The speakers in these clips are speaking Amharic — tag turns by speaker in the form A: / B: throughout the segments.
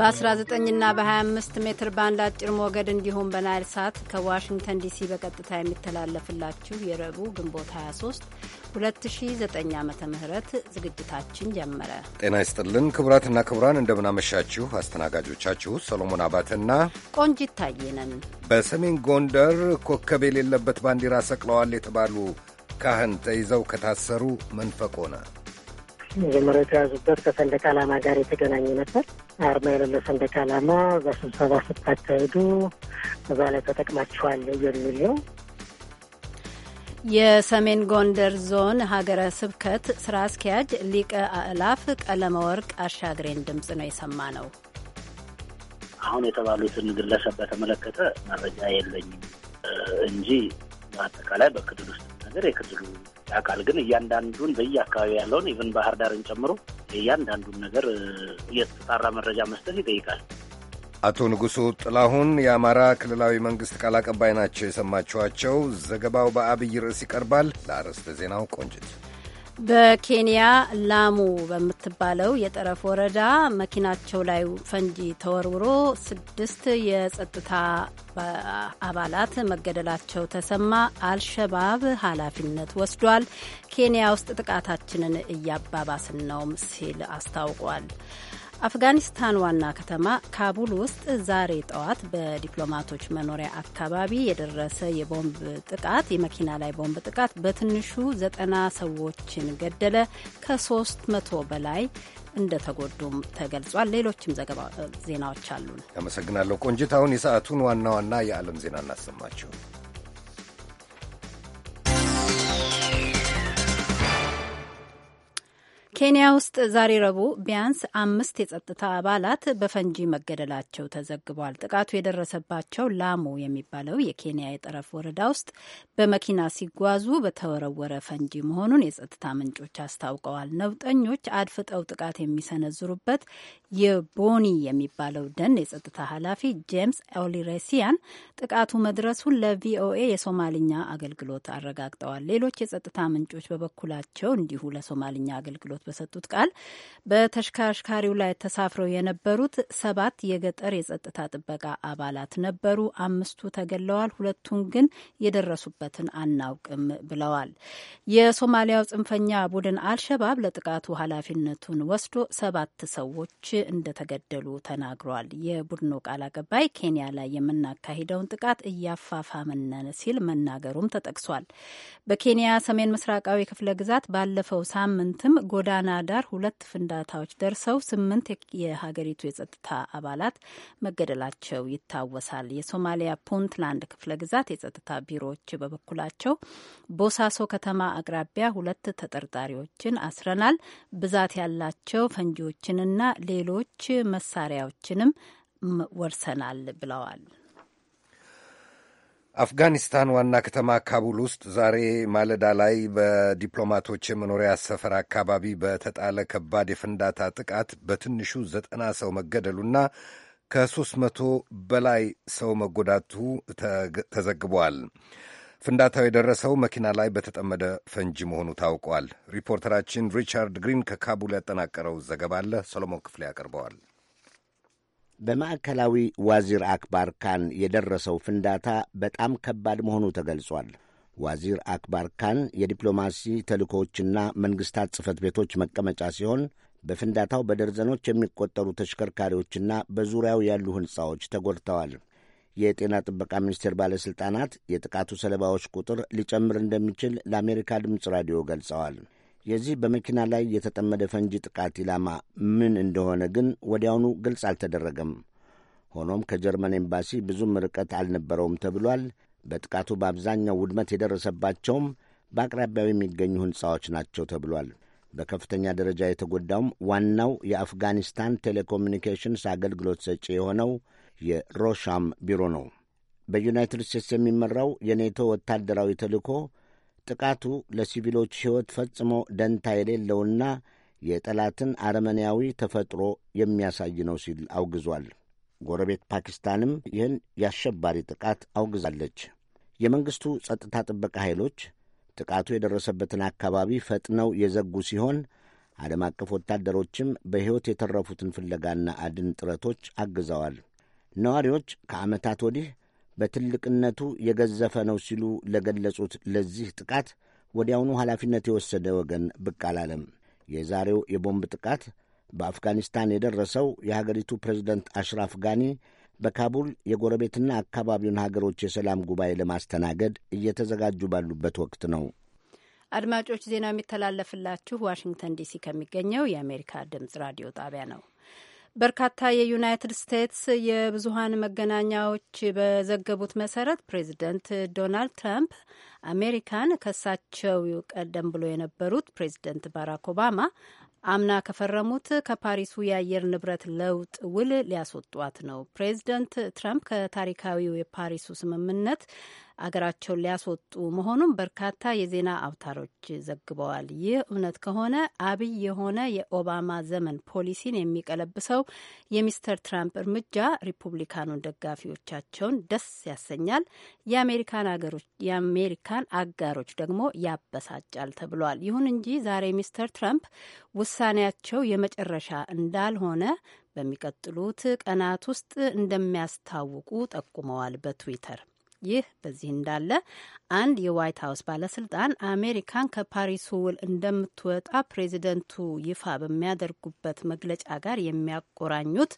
A: በ19ና
B: በ25 ሜትር ባንድ አጭር ሞገድ እንዲሁም በናይል ሳት ከዋሽንግተን ዲሲ በቀጥታ የሚተላለፍላችሁ የረቡዕ ግንቦት 23 2009 ዓ ም ዝግጅታችን ጀመረ።
C: ጤና ይስጥልን ክቡራትና ክቡራን፣ እንደምናመሻችሁ። አስተናጋጆቻችሁ ሰሎሞን አባተና
B: ቆንጂት ታየ
C: በሰሜን ጎንደር ኮከብ የሌለበት ባንዲራ ሰቅለዋል የተባሉ ካህን ተይዘው ከታሰሩ መንፈቅ ሆነ።
D: መጀመሪያ የተያዙበት ከሰንደቅ ዓላማ ጋር የተገናኘ ነበር። አርማ የሌለው ሰንደቅ ዓላማ በስብሰባ ስታካሄዱ እዛ ላይ ተጠቅማችኋል የሚል ነው።
B: የሰሜን ጎንደር ዞን ሀገረ ስብከት ስራ አስኪያጅ ሊቀ አእላፍ ቀለመወርቅ አሻግሬን ድምፅ ነው የሰማ ነው።
E: አሁን የተባሉትን ግለሰብ በተመለከተ መረጃ የለኝም እንጂ በአጠቃላይ በክልል ውስጥ ነገር የክልሉ ያውቃል። ግን እያንዳንዱን በየአካባቢ ያለውን ኢቨን ባህር ዳርን ጨምሮ እያንዳንዱን ነገር የተጣራ መረጃ መስጠት ይጠይቃል።
C: አቶ ንጉሱ ጥላሁን የአማራ ክልላዊ መንግሥት ቃል አቀባይ ናቸው የሰማችኋቸው። ዘገባው በአብይ ርዕስ ይቀርባል። ለአርዕስተ ዜናው ቆንጅት
B: በኬንያ ላሙ በምትባለው የጠረፍ ወረዳ መኪናቸው ላይ ፈንጂ ተወርውሮ ስድስት የጸጥታ አባላት መገደላቸው ተሰማ። አልሸባብ ኃላፊነት ወስዷል። ኬንያ ውስጥ ጥቃታችንን እያባባስን ነውም ሲል አስታውቋል። አፍጋኒስታን ዋና ከተማ ካቡል ውስጥ ዛሬ ጠዋት በዲፕሎማቶች መኖሪያ አካባቢ የደረሰ የቦምብ ጥቃት የመኪና ላይ ቦምብ ጥቃት በትንሹ ዘጠና ሰዎችን ገደለ። ከሶስት መቶ በላይ እንደተጎዱም ተገልጿል። ሌሎችም ዘገባ ዜናዎች አሉን።
C: አመሰግናለሁ ቆንጂት። አሁን የሰዓቱን ዋና ዋና የዓለም ዜና እናሰማቸው።
B: ኬንያ ውስጥ ዛሬ ረቡዕ ቢያንስ አምስት የጸጥታ አባላት በፈንጂ መገደላቸው ተዘግቧል። ጥቃቱ የደረሰባቸው ላሙ የሚባለው የኬንያ የጠረፍ ወረዳ ውስጥ በመኪና ሲጓዙ በተወረወረ ፈንጂ መሆኑን የጸጥታ ምንጮች አስታውቀዋል። ነውጠኞች አድፍጠው ጥቃት የሚሰነዝሩበት የቦኒ የሚባለው ደን የጸጥታ ኃላፊ ጄምስ ኦሊሬሲያን ጥቃቱ መድረሱን ለቪኦኤ የሶማልኛ አገልግሎት አረጋግጠዋል። ሌሎች የጸጥታ ምንጮች በበኩላቸው እንዲሁ ለሶማልኛ አገልግሎት በሰጡት ቃል በተሽከርካሪው ላይ ተሳፍረው የነበሩት ሰባት የገጠር የጸጥታ ጥበቃ አባላት ነበሩ። አምስቱ ተገለዋል፣ ሁለቱን ግን የደረሱበትን አናውቅም ብለዋል። የሶማሊያው ጽንፈኛ ቡድን አልሸባብ ለጥቃቱ ኃላፊነቱን ወስዶ ሰባት ሰዎች እንደተገደሉ ተናግሯል። የቡድኑ ቃል አቀባይ ኬንያ ላይ የምናካሂደውን ጥቃት እያፋፋምን ሲል መናገሩም ተጠቅሷል። በኬንያ ሰሜን ምስራቃዊ ክፍለ ግዛት ባለፈው ሳምንትም ጎዳና ዳር ሁለት ፍንዳታዎች ደርሰው ስምንት የሀገሪቱ የጸጥታ አባላት መገደላቸው ይታወሳል። የሶማሊያ ፑንትላንድ ክፍለ ግዛት የጸጥታ ቢሮዎች በበኩላቸው ቦሳሶ ከተማ አቅራቢያ ሁለት ተጠርጣሪዎችን አስረናል፣ ብዛት ያላቸው ፈንጂዎችንና ሌሎች መሳሪያዎችንም ወርሰናል ብለዋል።
C: አፍጋኒስታን ዋና ከተማ ካቡል ውስጥ ዛሬ ማለዳ ላይ በዲፕሎማቶች የመኖሪያ ሰፈር አካባቢ በተጣለ ከባድ የፍንዳታ ጥቃት በትንሹ ዘጠና ሰው መገደሉና ከሦስት መቶ በላይ ሰው መጎዳቱ ተዘግቧል። ፍንዳታው የደረሰው መኪና ላይ በተጠመደ ፈንጂ መሆኑ ታውቋል። ሪፖርተራችን ሪቻርድ ግሪን ከካቡል ያጠናቀረው ዘገባ አለ። ሰሎሞን ክፍሌ ያቀርበዋል።
F: በማዕከላዊ ዋዚር አክባር ካን የደረሰው ፍንዳታ በጣም ከባድ መሆኑ ተገልጿል። ዋዚር አክባር ካን የዲፕሎማሲ ተልእኮዎችና መንግሥታት ጽሕፈት ቤቶች መቀመጫ ሲሆን በፍንዳታው በደርዘኖች የሚቆጠሩ ተሽከርካሪዎችና በዙሪያው ያሉ ሕንፃዎች ተጎድተዋል። የጤና ጥበቃ ሚኒስቴር ባለሥልጣናት የጥቃቱ ሰለባዎች ቁጥር ሊጨምር እንደሚችል ለአሜሪካ ድምፅ ራዲዮ ገልጸዋል። የዚህ በመኪና ላይ የተጠመደ ፈንጂ ጥቃት ኢላማ ምን እንደሆነ ግን ወዲያውኑ ግልጽ አልተደረገም። ሆኖም ከጀርመን ኤምባሲ ብዙም ርቀት አልነበረውም ተብሏል። በጥቃቱ በአብዛኛው ውድመት የደረሰባቸውም በአቅራቢያው የሚገኙ ሕንፃዎች ናቸው ተብሏል። በከፍተኛ ደረጃ የተጎዳውም ዋናው የአፍጋኒስታን ቴሌኮሚኒኬሽንስ አገልግሎት ሰጪ የሆነው የሮሻም ቢሮ ነው። በዩናይትድ ስቴትስ የሚመራው የኔቶ ወታደራዊ ተልኮ። ጥቃቱ ለሲቪሎች ሕይወት ፈጽሞ ደንታ የሌለውና የጠላትን አረመኔያዊ ተፈጥሮ የሚያሳይ ነው ሲል አውግዟል። ጎረቤት ፓኪስታንም ይህን የአሸባሪ ጥቃት አውግዛለች። የመንግሥቱ ጸጥታ ጥበቃ ኃይሎች ጥቃቱ የደረሰበትን አካባቢ ፈጥነው የዘጉ ሲሆን ዓለም አቀፍ ወታደሮችም በሕይወት የተረፉትን ፍለጋና አድን ጥረቶች አግዘዋል። ነዋሪዎች ከዓመታት ወዲህ በትልቅነቱ የገዘፈ ነው ሲሉ ለገለጹት ለዚህ ጥቃት ወዲያውኑ ኃላፊነት የወሰደ ወገን ብቅ አላለም። የዛሬው የቦምብ ጥቃት በአፍጋኒስታን የደረሰው የሀገሪቱ ፕሬዚደንት አሽራፍ ጋኒ በካቡል የጎረቤትና አካባቢውን ሀገሮች የሰላም ጉባኤ ለማስተናገድ እየተዘጋጁ ባሉበት ወቅት ነው።
B: አድማጮች ዜናው የሚተላለፍላችሁ ዋሽንግተን ዲሲ ከሚገኘው የአሜሪካ ድምጽ ራዲዮ ጣቢያ ነው። በርካታ የዩናይትድ ስቴትስ የብዙሀን መገናኛዎች በዘገቡት መሰረት ፕሬዚደንት ዶናልድ ትራምፕ አሜሪካን ከሳቸው ቀደም ብሎ የነበሩት ፕሬዚደንት ባራክ ኦባማ አምና ከፈረሙት ከፓሪሱ የአየር ንብረት ለውጥ ውል ሊያስወጧት ነው። ፕሬዚደንት ትራምፕ ከታሪካዊው የፓሪሱ ስምምነት አገራቸውን ሊያስወጡ መሆኑን በርካታ የዜና አውታሮች ዘግበዋል። ይህ እውነት ከሆነ አብይ የሆነ የኦባማ ዘመን ፖሊሲን የሚቀለብሰው የሚስተር ትራምፕ እርምጃ ሪፑብሊካኑን ደጋፊዎቻቸውን ደስ ያሰኛል፣ የአሜሪካን አጋሮች ደግሞ ያበሳጫል ተብሏል። ይሁን እንጂ ዛሬ ሚስተር ትራምፕ ውሳኔያቸው የመጨረሻ እንዳልሆነ በሚቀጥሉት ቀናት ውስጥ እንደሚያስታውቁ ጠቁመዋል በትዊተር ይህ በዚህ እንዳለ አንድ የዋይት ሀውስ ባለስልጣን አሜሪካን ከፓሪሱ ውል እንደምትወጣ ፕሬዚደንቱ ይፋ በሚያደርጉበት መግለጫ ጋር የሚያቆራኙት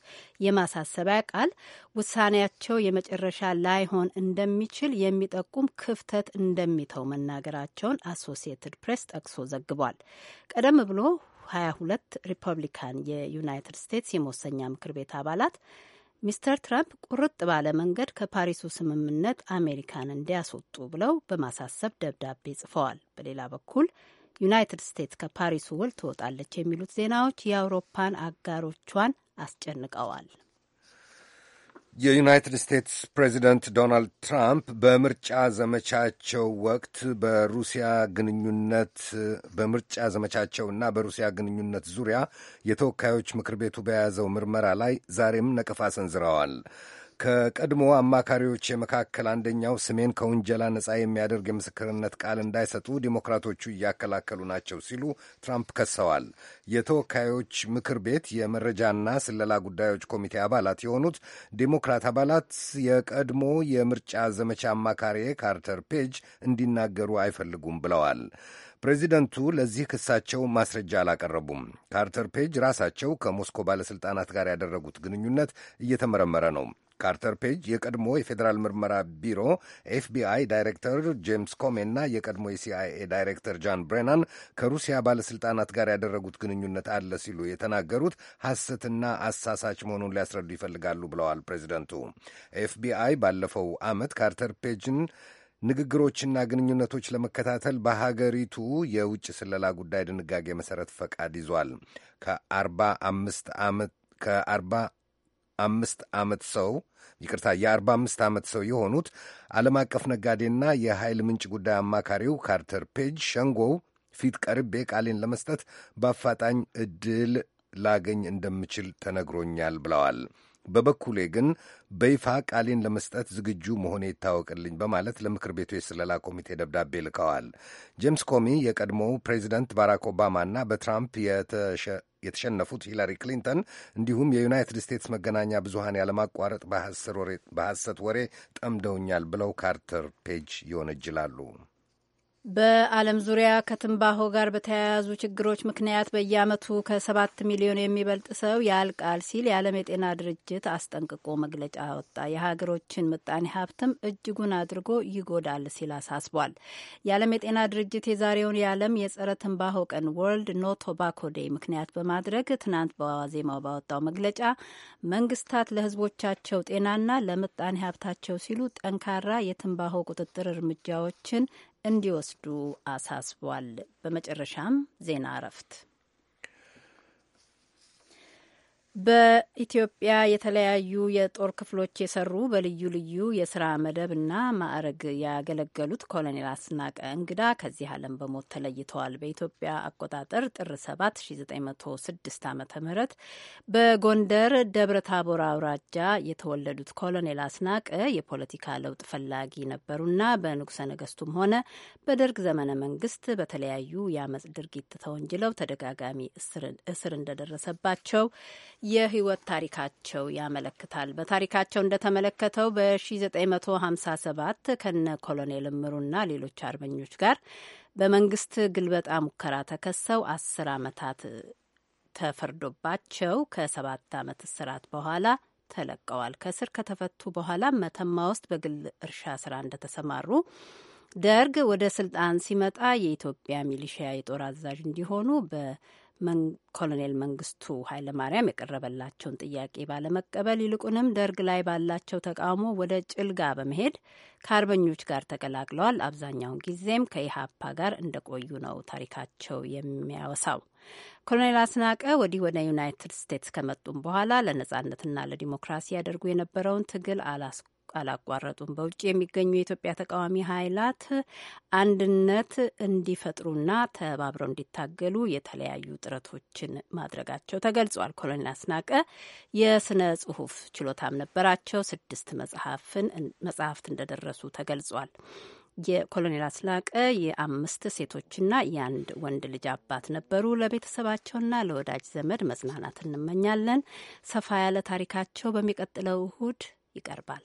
B: የማሳሰቢያ ቃል ውሳኔያቸው የመጨረሻ ላይሆን እንደሚችል የሚጠቁም ክፍተት እንደሚተው መናገራቸውን አሶሲየትድ ፕሬስ ጠቅሶ ዘግቧል። ቀደም ብሎ 22 ሪፐብሊካን የዩናይትድ ስቴትስ የመወሰኛ ምክር ቤት አባላት ሚስተር ትራምፕ ቁርጥ ባለ መንገድ ከፓሪሱ ስምምነት አሜሪካን እንዲያስወጡ ብለው በማሳሰብ ደብዳቤ ጽፈዋል። በሌላ በኩል ዩናይትድ ስቴትስ ከፓሪሱ ውል ትወጣለች የሚሉት ዜናዎች የአውሮፓን አጋሮቿን አስጨንቀዋል።
C: የዩናይትድ ስቴትስ ፕሬዚደንት ዶናልድ ትራምፕ በምርጫ ዘመቻቸው ወቅት በሩሲያ ግንኙነት በምርጫ ዘመቻቸውና በሩሲያ ግንኙነት ዙሪያ የተወካዮች ምክር ቤቱ በያዘው ምርመራ ላይ ዛሬም ነቀፋ ሰንዝረዋል። ከቀድሞ አማካሪዎች መካከል አንደኛው ስሜን ከውንጀላ ነጻ የሚያደርግ የምስክርነት ቃል እንዳይሰጡ ዲሞክራቶቹ እያከላከሉ ናቸው ሲሉ ትራምፕ ከሰዋል። የተወካዮች ምክር ቤት የመረጃና ስለላ ጉዳዮች ኮሚቴ አባላት የሆኑት ዲሞክራት አባላት የቀድሞ የምርጫ ዘመቻ አማካሪ ካርተር ፔጅ እንዲናገሩ አይፈልጉም ብለዋል። ፕሬዚደንቱ ለዚህ ክሳቸው ማስረጃ አላቀረቡም። ካርተር ፔጅ ራሳቸው ከሞስኮ ባለሥልጣናት ጋር ያደረጉት ግንኙነት እየተመረመረ ነው። ካርተር ፔጅ የቀድሞ የፌዴራል ምርመራ ቢሮ ኤፍቢአይ ዳይሬክተር ጄምስ ኮሜ እና የቀድሞ የሲአይኤ ዳይሬክተር ጃን ብሬናን ከሩሲያ ባለሥልጣናት ጋር ያደረጉት ግንኙነት አለ ሲሉ የተናገሩት ሐሰትና አሳሳች መሆኑን ሊያስረዱ ይፈልጋሉ ብለዋል ፕሬዚደንቱ። ኤፍቢአይ ባለፈው ዓመት ካርተር ፔጅን ንግግሮችና ግንኙነቶች ለመከታተል በሀገሪቱ የውጭ ስለላ ጉዳይ ድንጋጌ መሠረት ፈቃድ ይዟል። ከአርባ አምስት ዓመት ከአርባ አምስት ዓመት ሰው ይቅርታ የአርባ አምስት ዓመት ሰው የሆኑት ዓለም አቀፍ ነጋዴና የኃይል ምንጭ ጉዳይ አማካሪው ካርተር ፔጅ ሸንጎው ፊት ቀርቤ ቃሌን ለመስጠት በአፋጣኝ ዕድል ላገኝ እንደምችል ተነግሮኛል ብለዋል። በበኩሌ ግን በይፋ ቃሌን ለመስጠት ዝግጁ መሆኔ ይታወቅልኝ በማለት ለምክር ቤቱ የስለላ ኮሚቴ ደብዳቤ ልከዋል። ጄምስ ኮሚ የቀድሞው ፕሬዚደንት ባራክ ኦባማና በትራምፕ የተሸነፉት ሂላሪ ክሊንተን እንዲሁም የዩናይትድ ስቴትስ መገናኛ ብዙሃን ያለማቋረጥ በሐሰት ወሬ ጠምደውኛል ብለው ካርተር ፔጅ ይወነጅላሉ።
B: በዓለም ዙሪያ ከትንባሆ ጋር በተያያዙ ችግሮች ምክንያት በየዓመቱ ከሰባት ሚሊዮን የሚበልጥ ሰው ያልቃል ሲል የዓለም የጤና ድርጅት አስጠንቅቆ መግለጫ አወጣ። የሀገሮችን ምጣኔ ሀብትም እጅጉን አድርጎ ይጎዳል ሲል አሳስቧል። የዓለም የጤና ድርጅት የዛሬውን የዓለም የጸረ ትንባሆ ቀን ወርልድ ኖ ቶባኮ ዴይ ምክንያት በማድረግ ትናንት በዋዜማው ባወጣው መግለጫ መንግስታት ለህዝቦቻቸው ጤናና ለምጣኔ ሀብታቸው ሲሉ ጠንካራ የትንባሆ ቁጥጥር እርምጃዎችን እንዲወስዱ አሳስቧል። በመጨረሻም ዜና እረፍት በኢትዮጵያ የተለያዩ የጦር ክፍሎች የሰሩ በልዩ ልዩ የስራ መደብ እና ማዕረግ ያገለገሉት ኮሎኔል አስናቀ እንግዳ ከዚህ ዓለም በሞት ተለይተዋል። በኢትዮጵያ አቆጣጠር ጥር 7 1906 ዓ ም በጎንደር ደብረ ታቦር አውራጃ የተወለዱት ኮሎኔል አስናቀ የፖለቲካ ለውጥ ፈላጊ ነበሩና በንጉሠ ነገስቱም ሆነ በደርግ ዘመነ መንግስት በተለያዩ የአመፅ ድርጊት ተወንጅለው ተደጋጋሚ እስር እንደደረሰባቸው የህይወት ታሪካቸው ያመለክታል። በታሪካቸው እንደተመለከተው በ1957 ከነ ኮሎኔል እምሩና ሌሎች አርበኞች ጋር በመንግስት ግልበጣ ሙከራ ተከሰው አስር ዓመታት ተፈርዶባቸው ከሰባት ዓመት እስራት በኋላ ተለቀዋል። ከስር ከተፈቱ በኋላ መተማ ውስጥ በግል እርሻ ስራ እንደተሰማሩ ደርግ ወደ ስልጣን ሲመጣ የኢትዮጵያ ሚሊሺያ የጦር አዛዥ እንዲሆኑ በ ኮሎኔል መንግስቱ ኃይለማርያም የቀረበላቸውን ጥያቄ ባለመቀበል ይልቁንም ደርግ ላይ ባላቸው ተቃውሞ ወደ ጭልጋ በመሄድ ከአርበኞች ጋር ተቀላቅለዋል። አብዛኛውን ጊዜም ከኢህአፓ ጋር እንደቆዩ ነው ታሪካቸው የሚያወሳው። ኮሎኔል አስናቀ ወዲህ ወደ ዩናይትድ ስቴትስ ከመጡም በኋላ ለነጻነትና ለዲሞክራሲ ያደርጉ የነበረውን ትግል አላስ አላቋረጡም። በውጭ የሚገኙ የኢትዮጵያ ተቃዋሚ ኃይላት አንድነት እንዲፈጥሩና ተባብረው እንዲታገሉ የተለያዩ ጥረቶችን ማድረጋቸው ተገልጿል። ኮሎኔል አስናቀ የስነ ጽሁፍ ችሎታም ነበራቸው። ስድስት መጽሐፍን መጽሐፍት እንደደረሱ ተገልጿል። የኮሎኔል አስናቀ የአምስት ሴቶችና የአንድ ወንድ ልጅ አባት ነበሩ። ለቤተሰባቸውና ለወዳጅ ዘመድ መጽናናት እንመኛለን። ሰፋ ያለ ታሪካቸው በሚቀጥለው እሁድ ይቀርባል።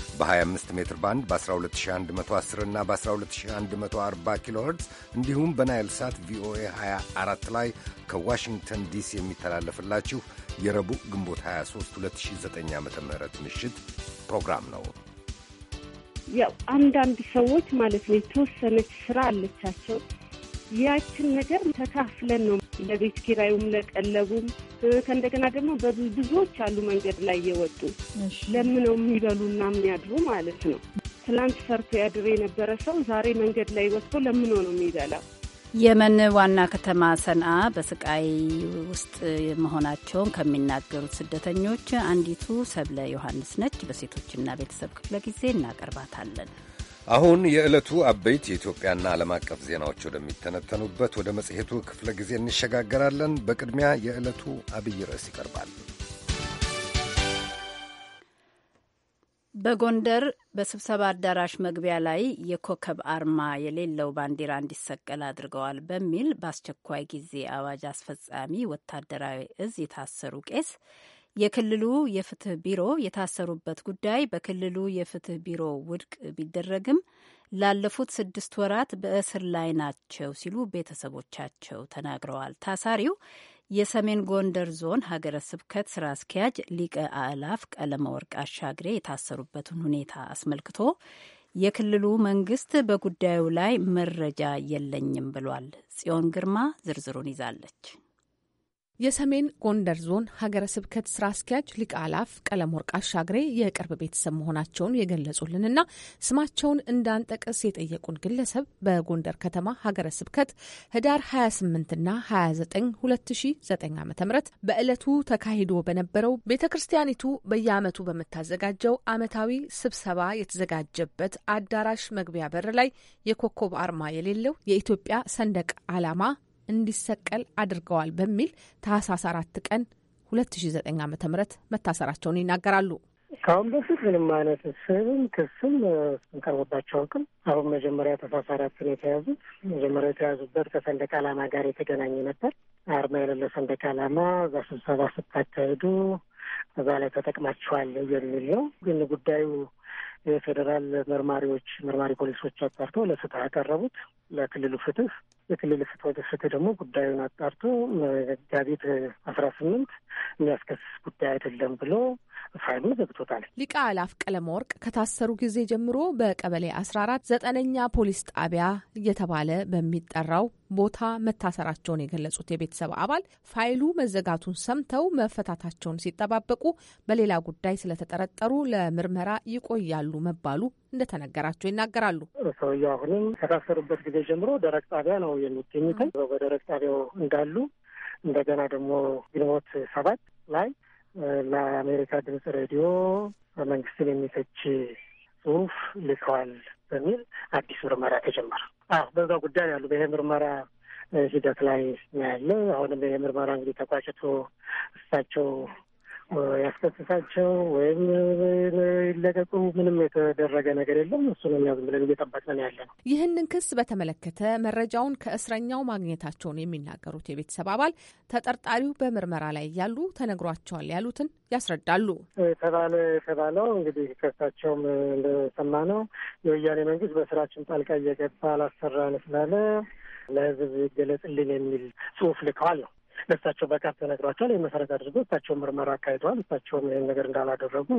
C: በ25 ሜትር ባንድ በ12110 እና በ12140 ኪሎ ሄርትዝ እንዲሁም በናይል ሳት ቪኦኤ 24 ላይ ከዋሽንግተን ዲሲ የሚተላለፍላችሁ የረቡዕ ግንቦት 23 2009 ዓ ም ምሽት ፕሮግራም ነው።
G: ያው አንዳንድ ሰዎች ማለት ነው የተወሰነች ስራ አለቻቸው ያችን ነገር ተካፍለን ነው ለቤት ኪራዩም ለቀለቡም ከእንደገና ደግሞ ብዙዎች አሉ መንገድ ላይ የወጡ ለምነው የሚበሉና የሚያድሩ ማለት ነው። ትላንት ሰርቶ ያድር የነበረ ሰው ዛሬ መንገድ ላይ ወጥቶ ለምኖ ነው የሚበላው።
B: የመን ዋና ከተማ ሰንአ በስቃይ ውስጥ መሆናቸውን ከሚናገሩት ስደተኞች አንዲቱ ሰብለ ዮሐንስ ነች። በሴቶችና ቤተሰብ ክፍለ ጊዜ እናቀርባታለን።
C: አሁን የዕለቱ አበይት የኢትዮጵያና ዓለም አቀፍ ዜናዎች ወደሚተነተኑበት ወደ መጽሔቱ ክፍለ ጊዜ እንሸጋገራለን። በቅድሚያ የዕለቱ አብይ ርዕስ ይቀርባል።
B: በጎንደር በስብሰባ አዳራሽ መግቢያ ላይ የኮከብ አርማ የሌለው ባንዲራ እንዲሰቀል አድርገዋል በሚል በአስቸኳይ ጊዜ አዋጅ አስፈጻሚ ወታደራዊ እዝ የታሰሩ ቄስ የክልሉ የፍትህ ቢሮ የታሰሩበት ጉዳይ በክልሉ የፍትህ ቢሮ ውድቅ ቢደረግም ላለፉት ስድስት ወራት በእስር ላይ ናቸው ሲሉ ቤተሰቦቻቸው ተናግረዋል። ታሳሪው የሰሜን ጎንደር ዞን ሀገረ ስብከት ስራ አስኪያጅ ሊቀ አእላፍ ቀለመወርቅ አሻግሬ የታሰሩበትን ሁኔታ አስመልክቶ የክልሉ መንግስት በጉዳዩ ላይ መረጃ የለኝም ብሏል። ጽዮን ግርማ ዝርዝሩን ይዛለች። የሰሜን ጎንደር ዞን
H: ሀገረ ስብከት ስራ አስኪያጅ ሊቀ አላፍ ቀለም ወርቅ አሻግሬ የቅርብ ቤተሰብ መሆናቸውን የገለጹልንና ስማቸውን እንዳንጠቅስ የጠየቁን ግለሰብ በጎንደር ከተማ ሀገረ ስብከት ህዳር 28ና 29 2009 ዓ ም በዕለቱ ተካሂዶ በነበረው ቤተ ክርስቲያኒቱ በየዓመቱ በምታዘጋጀው ዓመታዊ ስብሰባ የተዘጋጀበት አዳራሽ መግቢያ በር ላይ የኮከብ አርማ የሌለው የኢትዮጵያ ሰንደቅ ዓላማ እንዲሰቀል አድርገዋል በሚል ታህሳስ አራት ቀን 2009 ዓ ም መታሰራቸውን ይናገራሉ።
D: ከአሁን በፊት ምንም አይነት ስብም ክስም እንቀርቦባቸው አውቅም። አሁን መጀመሪያ ነው የተያዙት መጀመሪያ የተያዙበት ከሰንደቅ ዓላማ ጋር የተገናኘ ነበር። አርማ የሌለ ሰንደቅ ዓላማ እዛ ስብሰባ ስታካሂዱ እዛ ላይ ተጠቅማችኋል የሚል ነው። ግን ጉዳዩ የፌዴራል መርማሪዎች መርማሪ ፖሊሶች አጣርተው ለፍትህ ያቀረቡት ለክልሉ ፍትህ የክልል ፍትወተ ፍትህ ደግሞ ጉዳዩን አጣርቶ መጋቢት አስራ ስምንት የሚያስከስስ ጉዳይ አይደለም ብሎ ፋይሉን ዘግቶታል።
H: ሊቃ አላፍ ቀለም ወርቅ ከታሰሩ ጊዜ ጀምሮ በቀበሌ አስራ አራት ዘጠነኛ ፖሊስ ጣቢያ እየተባለ በሚጠራው ቦታ መታሰራቸውን የገለጹት የቤተሰብ አባል ፋይሉ መዘጋቱን ሰምተው መፈታታቸውን ሲጠባበቁ በሌላ ጉዳይ ስለተጠረጠሩ ለምርመራ ይቆያሉ መባሉ እንደተነገራቸው ይናገራሉ።
D: ሰውየው አሁንም ከታሰሩበት ጊዜ ጀምሮ ደረቅ ጣቢያ ነው የሚገኙትን በደረቅ ጣቢያው እንዳሉ እንደገና ደግሞ ግንቦት ሰባት ላይ ለአሜሪካ ድምጽ ሬዲዮ መንግስትን የሚተች ጽሁፍ ልከዋል በሚል አዲስ ምርመራ ተጀመረ። አዎ በዛ ጉዳይ ያሉ በይሄ ምርመራ ሂደት ላይ ያለ አሁንም ይሄ ምርመራ እንግዲህ ተቋጭቶ እሳቸው ያስከስሳቸው ወይም ይለቀቁ ምንም የተደረገ ነገር የለም። እሱንም ያው ብለን እየጠበቅን ያለ ነው።
H: ይህንን ክስ በተመለከተ መረጃውን ከእስረኛው ማግኘታቸውን የሚናገሩት የቤተሰብ አባል ተጠርጣሪው በምርመራ ላይ ያሉ ተነግሯቸዋል ያሉትን ያስረዳሉ።
D: የተባለ የተባለው እንግዲህ ከሳቸውም እንደሰማ ነው የወያኔ መንግስት በስራችን ጣልቃ እየገባ አላሰራን ስላለ ለህዝብ ይገለጽልን የሚል ጽሁፍ ልከዋል ነው ለእሳቸው በቃል ተነግሯቸዋል። ይህ መሰረት አድርገው እሳቸው ምርመራ አካሂደዋል። እሳቸውም ይህን ነገር እንዳላደረጉ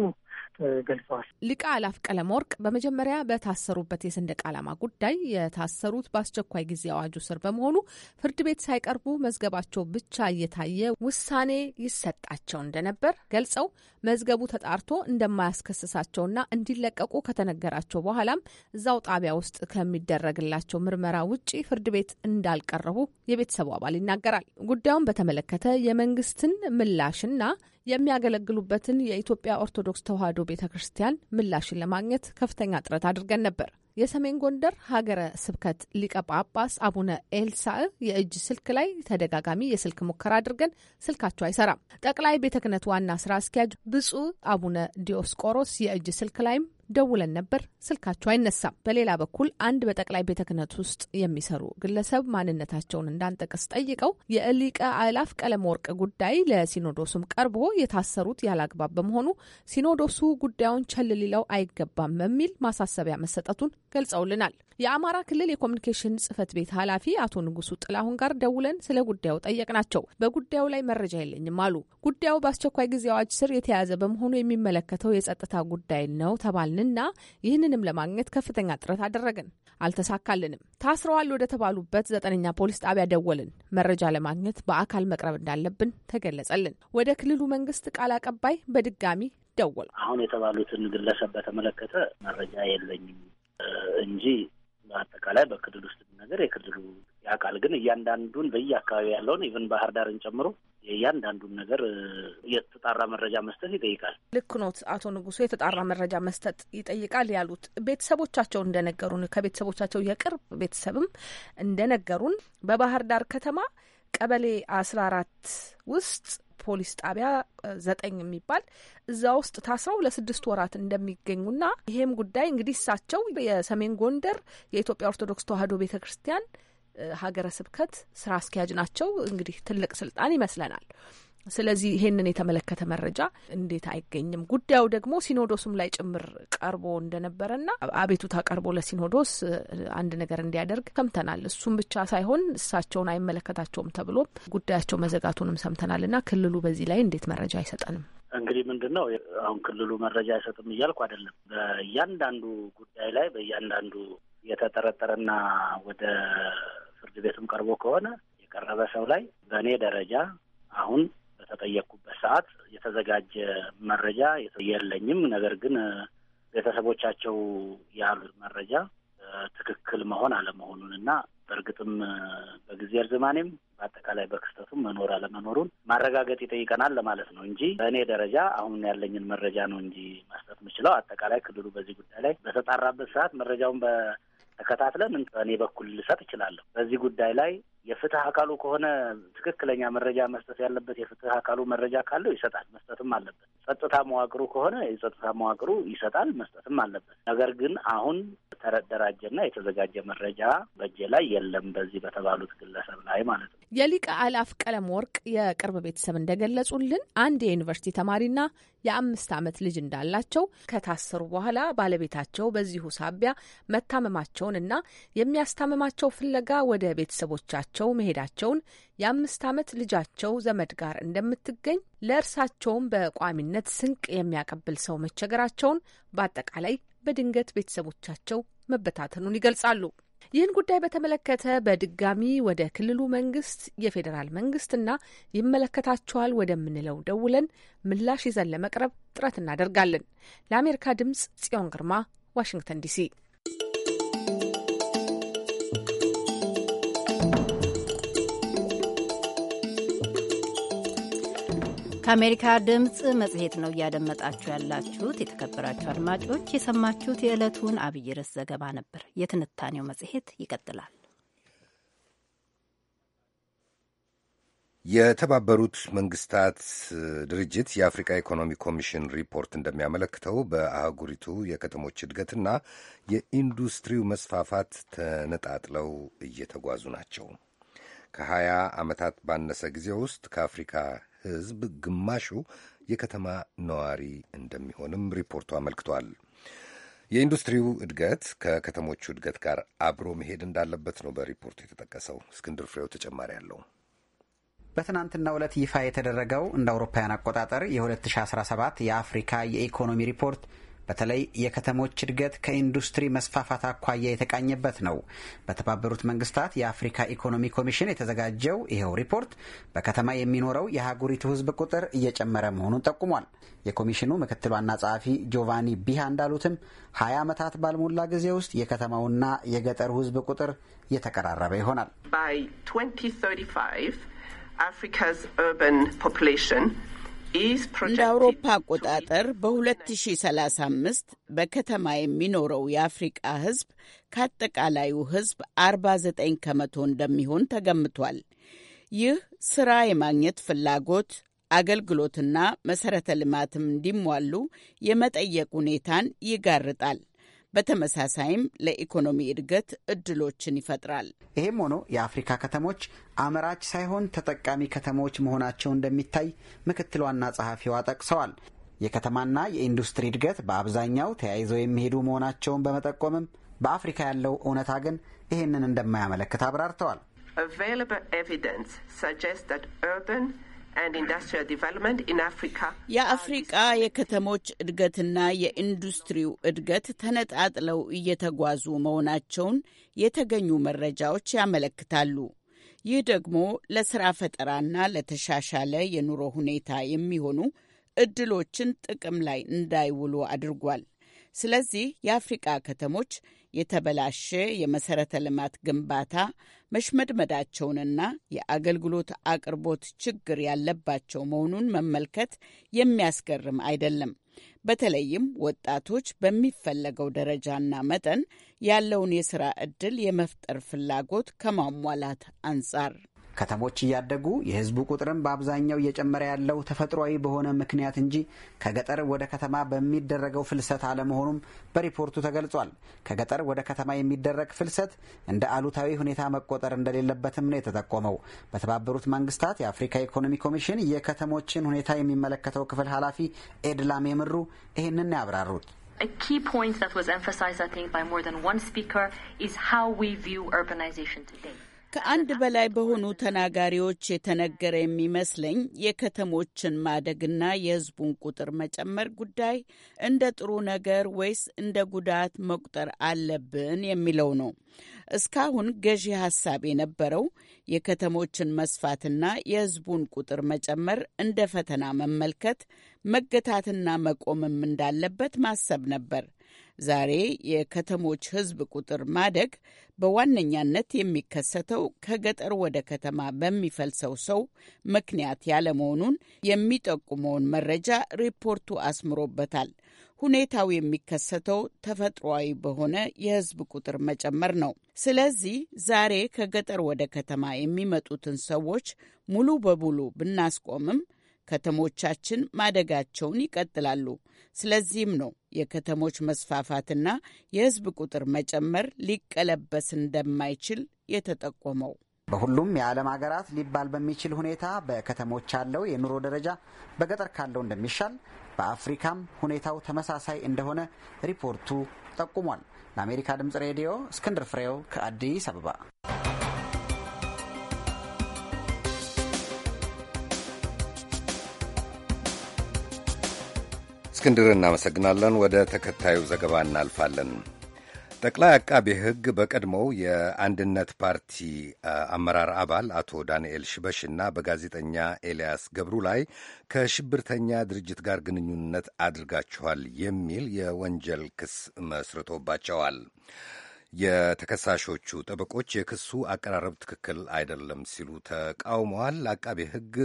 D: ገልጸዋል።
H: ሊቀ አላፍ ቀለም ወርቅ በመጀመሪያ በታሰሩበት የሰንደቅ ዓላማ ጉዳይ የታሰሩት በአስቸኳይ ጊዜ አዋጁ ስር በመሆኑ ፍርድ ቤት ሳይቀርቡ መዝገባቸው ብቻ እየታየ ውሳኔ ይሰጣቸው እንደነበር ገልጸው መዝገቡ ተጣርቶ እንደማያስከስሳቸውና እንዲለቀቁ ከተነገራቸው በኋላም እዛው ጣቢያ ውስጥ ከሚደረግላቸው ምርመራ ውጪ ፍርድ ቤት እንዳልቀረቡ የቤተሰቡ አባል ይናገራል። ጉዳዩን በተመለከተ የመንግስትን ምላሽና የሚያገለግሉበትን የኢትዮጵያ ኦርቶዶክስ ተዋሕዶ ቤተ ክርስቲያን ምላሽን ለማግኘት ከፍተኛ ጥረት አድርገን ነበር። የሰሜን ጎንደር ሀገረ ስብከት ሊቀ ጳጳስ አቡነ ኤልሳ የእጅ ስልክ ላይ ተደጋጋሚ የስልክ ሙከራ አድርገን ስልካቸው አይሰራም። ጠቅላይ ቤተ ክህነት ዋና ስራ አስኪያጅ ብፁዕ አቡነ ዲዮስቆሮስ የእጅ ስልክ ላይም ደውለን ነበር፣ ስልካቸው አይነሳም። በሌላ በኩል አንድ በጠቅላይ ቤተ ክህነት ውስጥ የሚሰሩ ግለሰብ ማንነታቸውን እንዳንጠቅስ ጠይቀው የሊቀ አእላፍ ቀለም ወርቅ ጉዳይ ለሲኖዶሱም ቀርቦ የታሰሩት ያላግባብ በመሆኑ ሲኖዶሱ ጉዳዩን ቸል ሊለው አይገባም በሚል ማሳሰቢያ መሰጠቱን ገልጸውልናል። የአማራ ክልል የኮሚኒኬሽን ጽህፈት ቤት ኃላፊ አቶ ንጉሱ ጥላሁን ጋር ደውለን ስለ ጉዳዩ ጠየቅናቸው። በጉዳዩ ላይ መረጃ የለኝም አሉ። ጉዳዩ በአስቸኳይ ጊዜ አዋጅ ስር የተያዘ በመሆኑ የሚመለከተው የጸጥታ ጉዳይ ነው ተባልንና ይህንንም ለማግኘት ከፍተኛ ጥረት አደረግን፣ አልተሳካልንም። ታስረዋል ወደ ተባሉበት ዘጠነኛ ፖሊስ ጣቢያ ደወልን። መረጃ ለማግኘት በአካል መቅረብ እንዳለብን ተገለጸልን። ወደ ክልሉ መንግስት ቃል አቀባይ በድጋሚ ደወል አሁን የተባሉትን ግለሰብ በተመለከተ
E: መረጃ የለኝም እንጂ በአጠቃላይ በክልል ውስጥ ነገር የክልሉ ያውቃል። ግን እያንዳንዱን በየአካባቢ ያለውን ኢቨን ባህር ዳርን ጨምሮ የእያንዳንዱን ነገር የተጣራ መረጃ መስጠት ይጠይቃል።
H: ልክ ኖት አቶ ንጉሱ፣ የተጣራ መረጃ መስጠት ይጠይቃል ያሉት ቤተሰቦቻቸው እንደነገሩን ከቤተሰቦቻቸው የቅርብ ቤተሰብም እንደነገሩን በባህር ዳር ከተማ ቀበሌ አስራ አራት ውስጥ ፖሊስ ጣቢያ ዘጠኝ የሚባል እዛ ውስጥ ታስረው ለስድስት ወራት እንደሚገኙና ይሄም ጉዳይ እንግዲህ እሳቸው የሰሜን ጎንደር የኢትዮጵያ ኦርቶዶክስ ተዋሕዶ ቤተ ክርስቲያን ሀገረ ስብከት ስራ አስኪያጅ ናቸው። እንግዲህ ትልቅ ስልጣን ይመስለናል። ስለዚህ ይሄንን የተመለከተ መረጃ እንዴት አይገኝም? ጉዳዩ ደግሞ ሲኖዶሱም ላይ ጭምር ቀርቦ እንደነበረና አቤቱታ ቀርቦ ለሲኖዶስ አንድ ነገር እንዲያደርግ ሰምተናል። እሱም ብቻ ሳይሆን እሳቸውን አይመለከታቸውም ተብሎ ጉዳያቸው መዘጋቱንም ሰምተናል። እና ክልሉ በዚህ ላይ እንዴት መረጃ አይሰጠንም?
E: እንግዲህ ምንድን ነው አሁን ክልሉ መረጃ አይሰጥም እያልኩ አይደለም። በእያንዳንዱ ጉዳይ ላይ በእያንዳንዱ የተጠረጠረና ወደ ፍርድ ቤትም ቀርቦ ከሆነ የቀረበ ሰው ላይ በእኔ ደረጃ አሁን በተጠየቅኩበት ሰዓት የተዘጋጀ መረጃ የለኝም፣ ነገር ግን ቤተሰቦቻቸው ያሉት መረጃ ትክክል መሆን አለመሆኑን እና በእርግጥም በጊዜ እርዝማኔም በአጠቃላይ በክስተቱ መኖር አለመኖሩን ማረጋገጥ ይጠይቀናል ለማለት ነው እንጂ በእኔ ደረጃ አሁን ያለኝን መረጃ ነው እንጂ መስጠት የምችለው። አጠቃላይ ክልሉ በዚህ ጉዳይ ላይ በተጣራበት ሰዓት መረጃውን በተከታትለን እኔ በኩል ልሰጥ እችላለሁ። በዚህ ጉዳይ ላይ የፍትህ አካሉ ከሆነ ትክክለኛ መረጃ መስጠት ያለበት የፍትህ አካሉ መረጃ ካለው ይሰጣል፣ መስጠትም አለበት። ጸጥታ መዋቅሩ ከሆነ የጸጥታ መዋቅሩ ይሰጣል፣ መስጠትም አለበት። ነገር ግን አሁን የተደራጀና የተዘጋጀ መረጃ በእጄ ላይ የለም፣ በዚህ በተባሉት ግለሰብ ላይ ማለት ነው።
H: የሊቀ አላፍ ቀለም ወርቅ የቅርብ ቤተሰብ እንደገለጹልን አንድ የዩኒቨርሲቲ ተማሪና የአምስት ዓመት ልጅ እንዳላቸው ከታሰሩ በኋላ ባለቤታቸው በዚሁ ሳቢያ መታመማቸውን እና የሚያስታመማቸው ፍለጋ ወደ ቤተሰቦቻቸው መሄዳቸውን የአምስት ዓመት ልጃቸው ዘመድ ጋር እንደምትገኝ ለእርሳቸውም በቋሚነት ስንቅ የሚያቀብል ሰው መቸገራቸውን በአጠቃላይ በድንገት ቤተሰቦቻቸው መበታተኑን ይገልጻሉ። ይህን ጉዳይ በተመለከተ በድጋሚ ወደ ክልሉ መንግስት፣ የፌዴራል መንግስትና ይመለከታቸዋል ወደምንለው ደውለን ምላሽ ይዘን ለመቅረብ ጥረት እናደርጋለን። ለአሜሪካ ድምጽ ጽዮን ግርማ ዋሽንግተን ዲሲ
B: ከአሜሪካ ድምፅ መጽሔት ነው እያደመጣችሁ ያላችሁት። የተከበራችሁ አድማጮች የሰማችሁት የዕለቱን አብይ ርዕስ ዘገባ ነበር። የትንታኔው መጽሔት ይቀጥላል።
C: የተባበሩት መንግስታት ድርጅት የአፍሪካ ኢኮኖሚ ኮሚሽን ሪፖርት እንደሚያመለክተው በአህጉሪቱ የከተሞች እድገትና የኢንዱስትሪው መስፋፋት ተነጣጥለው እየተጓዙ ናቸው። ከሀያ ዓመታት ባነሰ ጊዜ ውስጥ ከአፍሪካ ሕዝብ ግማሹ የከተማ ነዋሪ እንደሚሆንም ሪፖርቱ አመልክቷል። የኢንዱስትሪው እድገት ከከተሞቹ እድገት ጋር አብሮ መሄድ እንዳለበት ነው በሪፖርቱ የተጠቀሰው። እስክንድር ፍሬው ተጨማሪ አለው።
I: በትናንትናው ዕለት ይፋ የተደረገው እንደ አውሮፓውያን አቆጣጠር የ2017 የአፍሪካ የኢኮኖሚ ሪፖርት በተለይ የከተሞች እድገት ከኢንዱስትሪ መስፋፋት አኳያ የተቃኘበት ነው። በተባበሩት መንግስታት የአፍሪካ ኢኮኖሚ ኮሚሽን የተዘጋጀው ይኸው ሪፖርት በከተማ የሚኖረው የሀገሪቱ ሕዝብ ቁጥር እየጨመረ መሆኑን ጠቁሟል። የኮሚሽኑ ምክትል ዋና ጸሐፊ ጆቫኒ ቢሃ እንዳሉትም ሀያ ዓመታት ባልሞላ ጊዜ ውስጥ የከተማውና የገጠሩ ሕዝብ ቁጥር እየተቀራረበ ይሆናል።
J: እንደ አውሮፓ አቆጣጠር በ2035 በከተማ የሚኖረው የአፍሪቃ ህዝብ ከአጠቃላዩ ህዝብ 49 ከመቶ እንደሚሆን ተገምቷል። ይህ ስራ የማግኘት ፍላጎት አገልግሎትና መሰረተ ልማትም እንዲሟሉ የመጠየቅ ሁኔታን ይጋርጣል። በተመሳሳይም ለኢኮኖሚ እድገት እድሎችን ይፈጥራል። ይህም ሆኖ የአፍሪካ
I: ከተሞች አምራች ሳይሆን ተጠቃሚ ከተሞች መሆናቸው እንደሚታይ ምክትል ዋና ጸሐፊዋ ጠቅሰዋል። የከተማና የኢንዱስትሪ እድገት በአብዛኛው ተያይዘው የሚሄዱ መሆናቸውን በመጠቆምም በአፍሪካ ያለው እውነታ ግን ይህንን እንደማያመለክት አብራርተዋል።
J: የአፍሪቃ የከተሞች እድገትና የኢንዱስትሪው እድገት ተነጣጥለው እየተጓዙ መሆናቸውን የተገኙ መረጃዎች ያመለክታሉ። ይህ ደግሞ ለስራ ፈጠራና ለተሻሻለ የኑሮ ሁኔታ የሚሆኑ እድሎችን ጥቅም ላይ እንዳይውሉ አድርጓል። ስለዚህ የአፍሪቃ ከተሞች የተበላሸ የመሰረተ ልማት ግንባታ መሽመድመዳቸውንና የአገልግሎት አቅርቦት ችግር ያለባቸው መሆኑን መመልከት የሚያስገርም አይደለም። በተለይም ወጣቶች በሚፈለገው ደረጃና መጠን ያለውን የስራ ዕድል የመፍጠር ፍላጎት ከማሟላት አንጻር
I: ከተሞች እያደጉ የህዝቡ ቁጥርም በአብዛኛው እየጨመረ ያለው ተፈጥሯዊ በሆነ ምክንያት እንጂ ከገጠር ወደ ከተማ በሚደረገው ፍልሰት አለመሆኑም በሪፖርቱ ተገልጿል። ከገጠር ወደ ከተማ የሚደረግ ፍልሰት እንደ አሉታዊ ሁኔታ መቆጠር እንደሌለበትም ነው የተጠቆመው። በተባበሩት መንግስታት የአፍሪካ ኢኮኖሚ ኮሚሽን የከተሞችን ሁኔታ የሚመለከተው ክፍል ኃላፊ ኤድላም የምሩ ይህንን ያብራሩት።
H: A key point that was emphasized, I think, by more than one speaker is how we view urbanization today.
J: ከአንድ በላይ በሆኑ ተናጋሪዎች የተነገረ የሚመስለኝ የከተሞችን ማደግና የሕዝቡን ቁጥር መጨመር ጉዳይ እንደ ጥሩ ነገር ወይስ እንደ ጉዳት መቁጠር አለብን የሚለው ነው። እስካሁን ገዢ ሀሳብ የነበረው የከተሞችን መስፋትና የሕዝቡን ቁጥር መጨመር እንደ ፈተና መመልከት፣ መገታትና መቆምም እንዳለበት ማሰብ ነበር። ዛሬ የከተሞች ህዝብ ቁጥር ማደግ በዋነኛነት የሚከሰተው ከገጠር ወደ ከተማ በሚፈልሰው ሰው ምክንያት ያለመሆኑን የሚጠቁመውን መረጃ ሪፖርቱ አስምሮበታል። ሁኔታው የሚከሰተው ተፈጥሯዊ በሆነ የህዝብ ቁጥር መጨመር ነው። ስለዚህ ዛሬ ከገጠር ወደ ከተማ የሚመጡትን ሰዎች ሙሉ በሙሉ ብናስቆምም ከተሞቻችን ማደጋቸውን ይቀጥላሉ። ስለዚህም ነው የከተሞች መስፋፋትና የህዝብ ቁጥር መጨመር ሊቀለበስ እንደማይችል የተጠቆመው።
I: በሁሉም የዓለም ሀገራት ሊባል በሚችል ሁኔታ በከተሞች ያለው የኑሮ ደረጃ በገጠር ካለው እንደሚሻል፣ በአፍሪካም ሁኔታው ተመሳሳይ እንደሆነ ሪፖርቱ ጠቁሟል። ለአሜሪካ ድምፅ ሬዲዮ እስክንድር ፍሬው ከአዲስ አበባ
C: እስክንድር እናመሰግናለን። ወደ ተከታዩ ዘገባ እናልፋለን። ጠቅላይ አቃቤ ሕግ በቀድሞው የአንድነት ፓርቲ አመራር አባል አቶ ዳንኤል እና በጋዜጠኛ ኤልያስ ገብሩ ላይ ከሽብርተኛ ድርጅት ጋር ግንኙነት አድርጋችኋል የሚል የወንጀል ክስ መስርቶባቸዋል። የተከሳሾቹ ጠበቆች የክሱ አቀራረብ ትክክል አይደለም ሲሉ ተቃውመዋል። አቃቤ ሕግ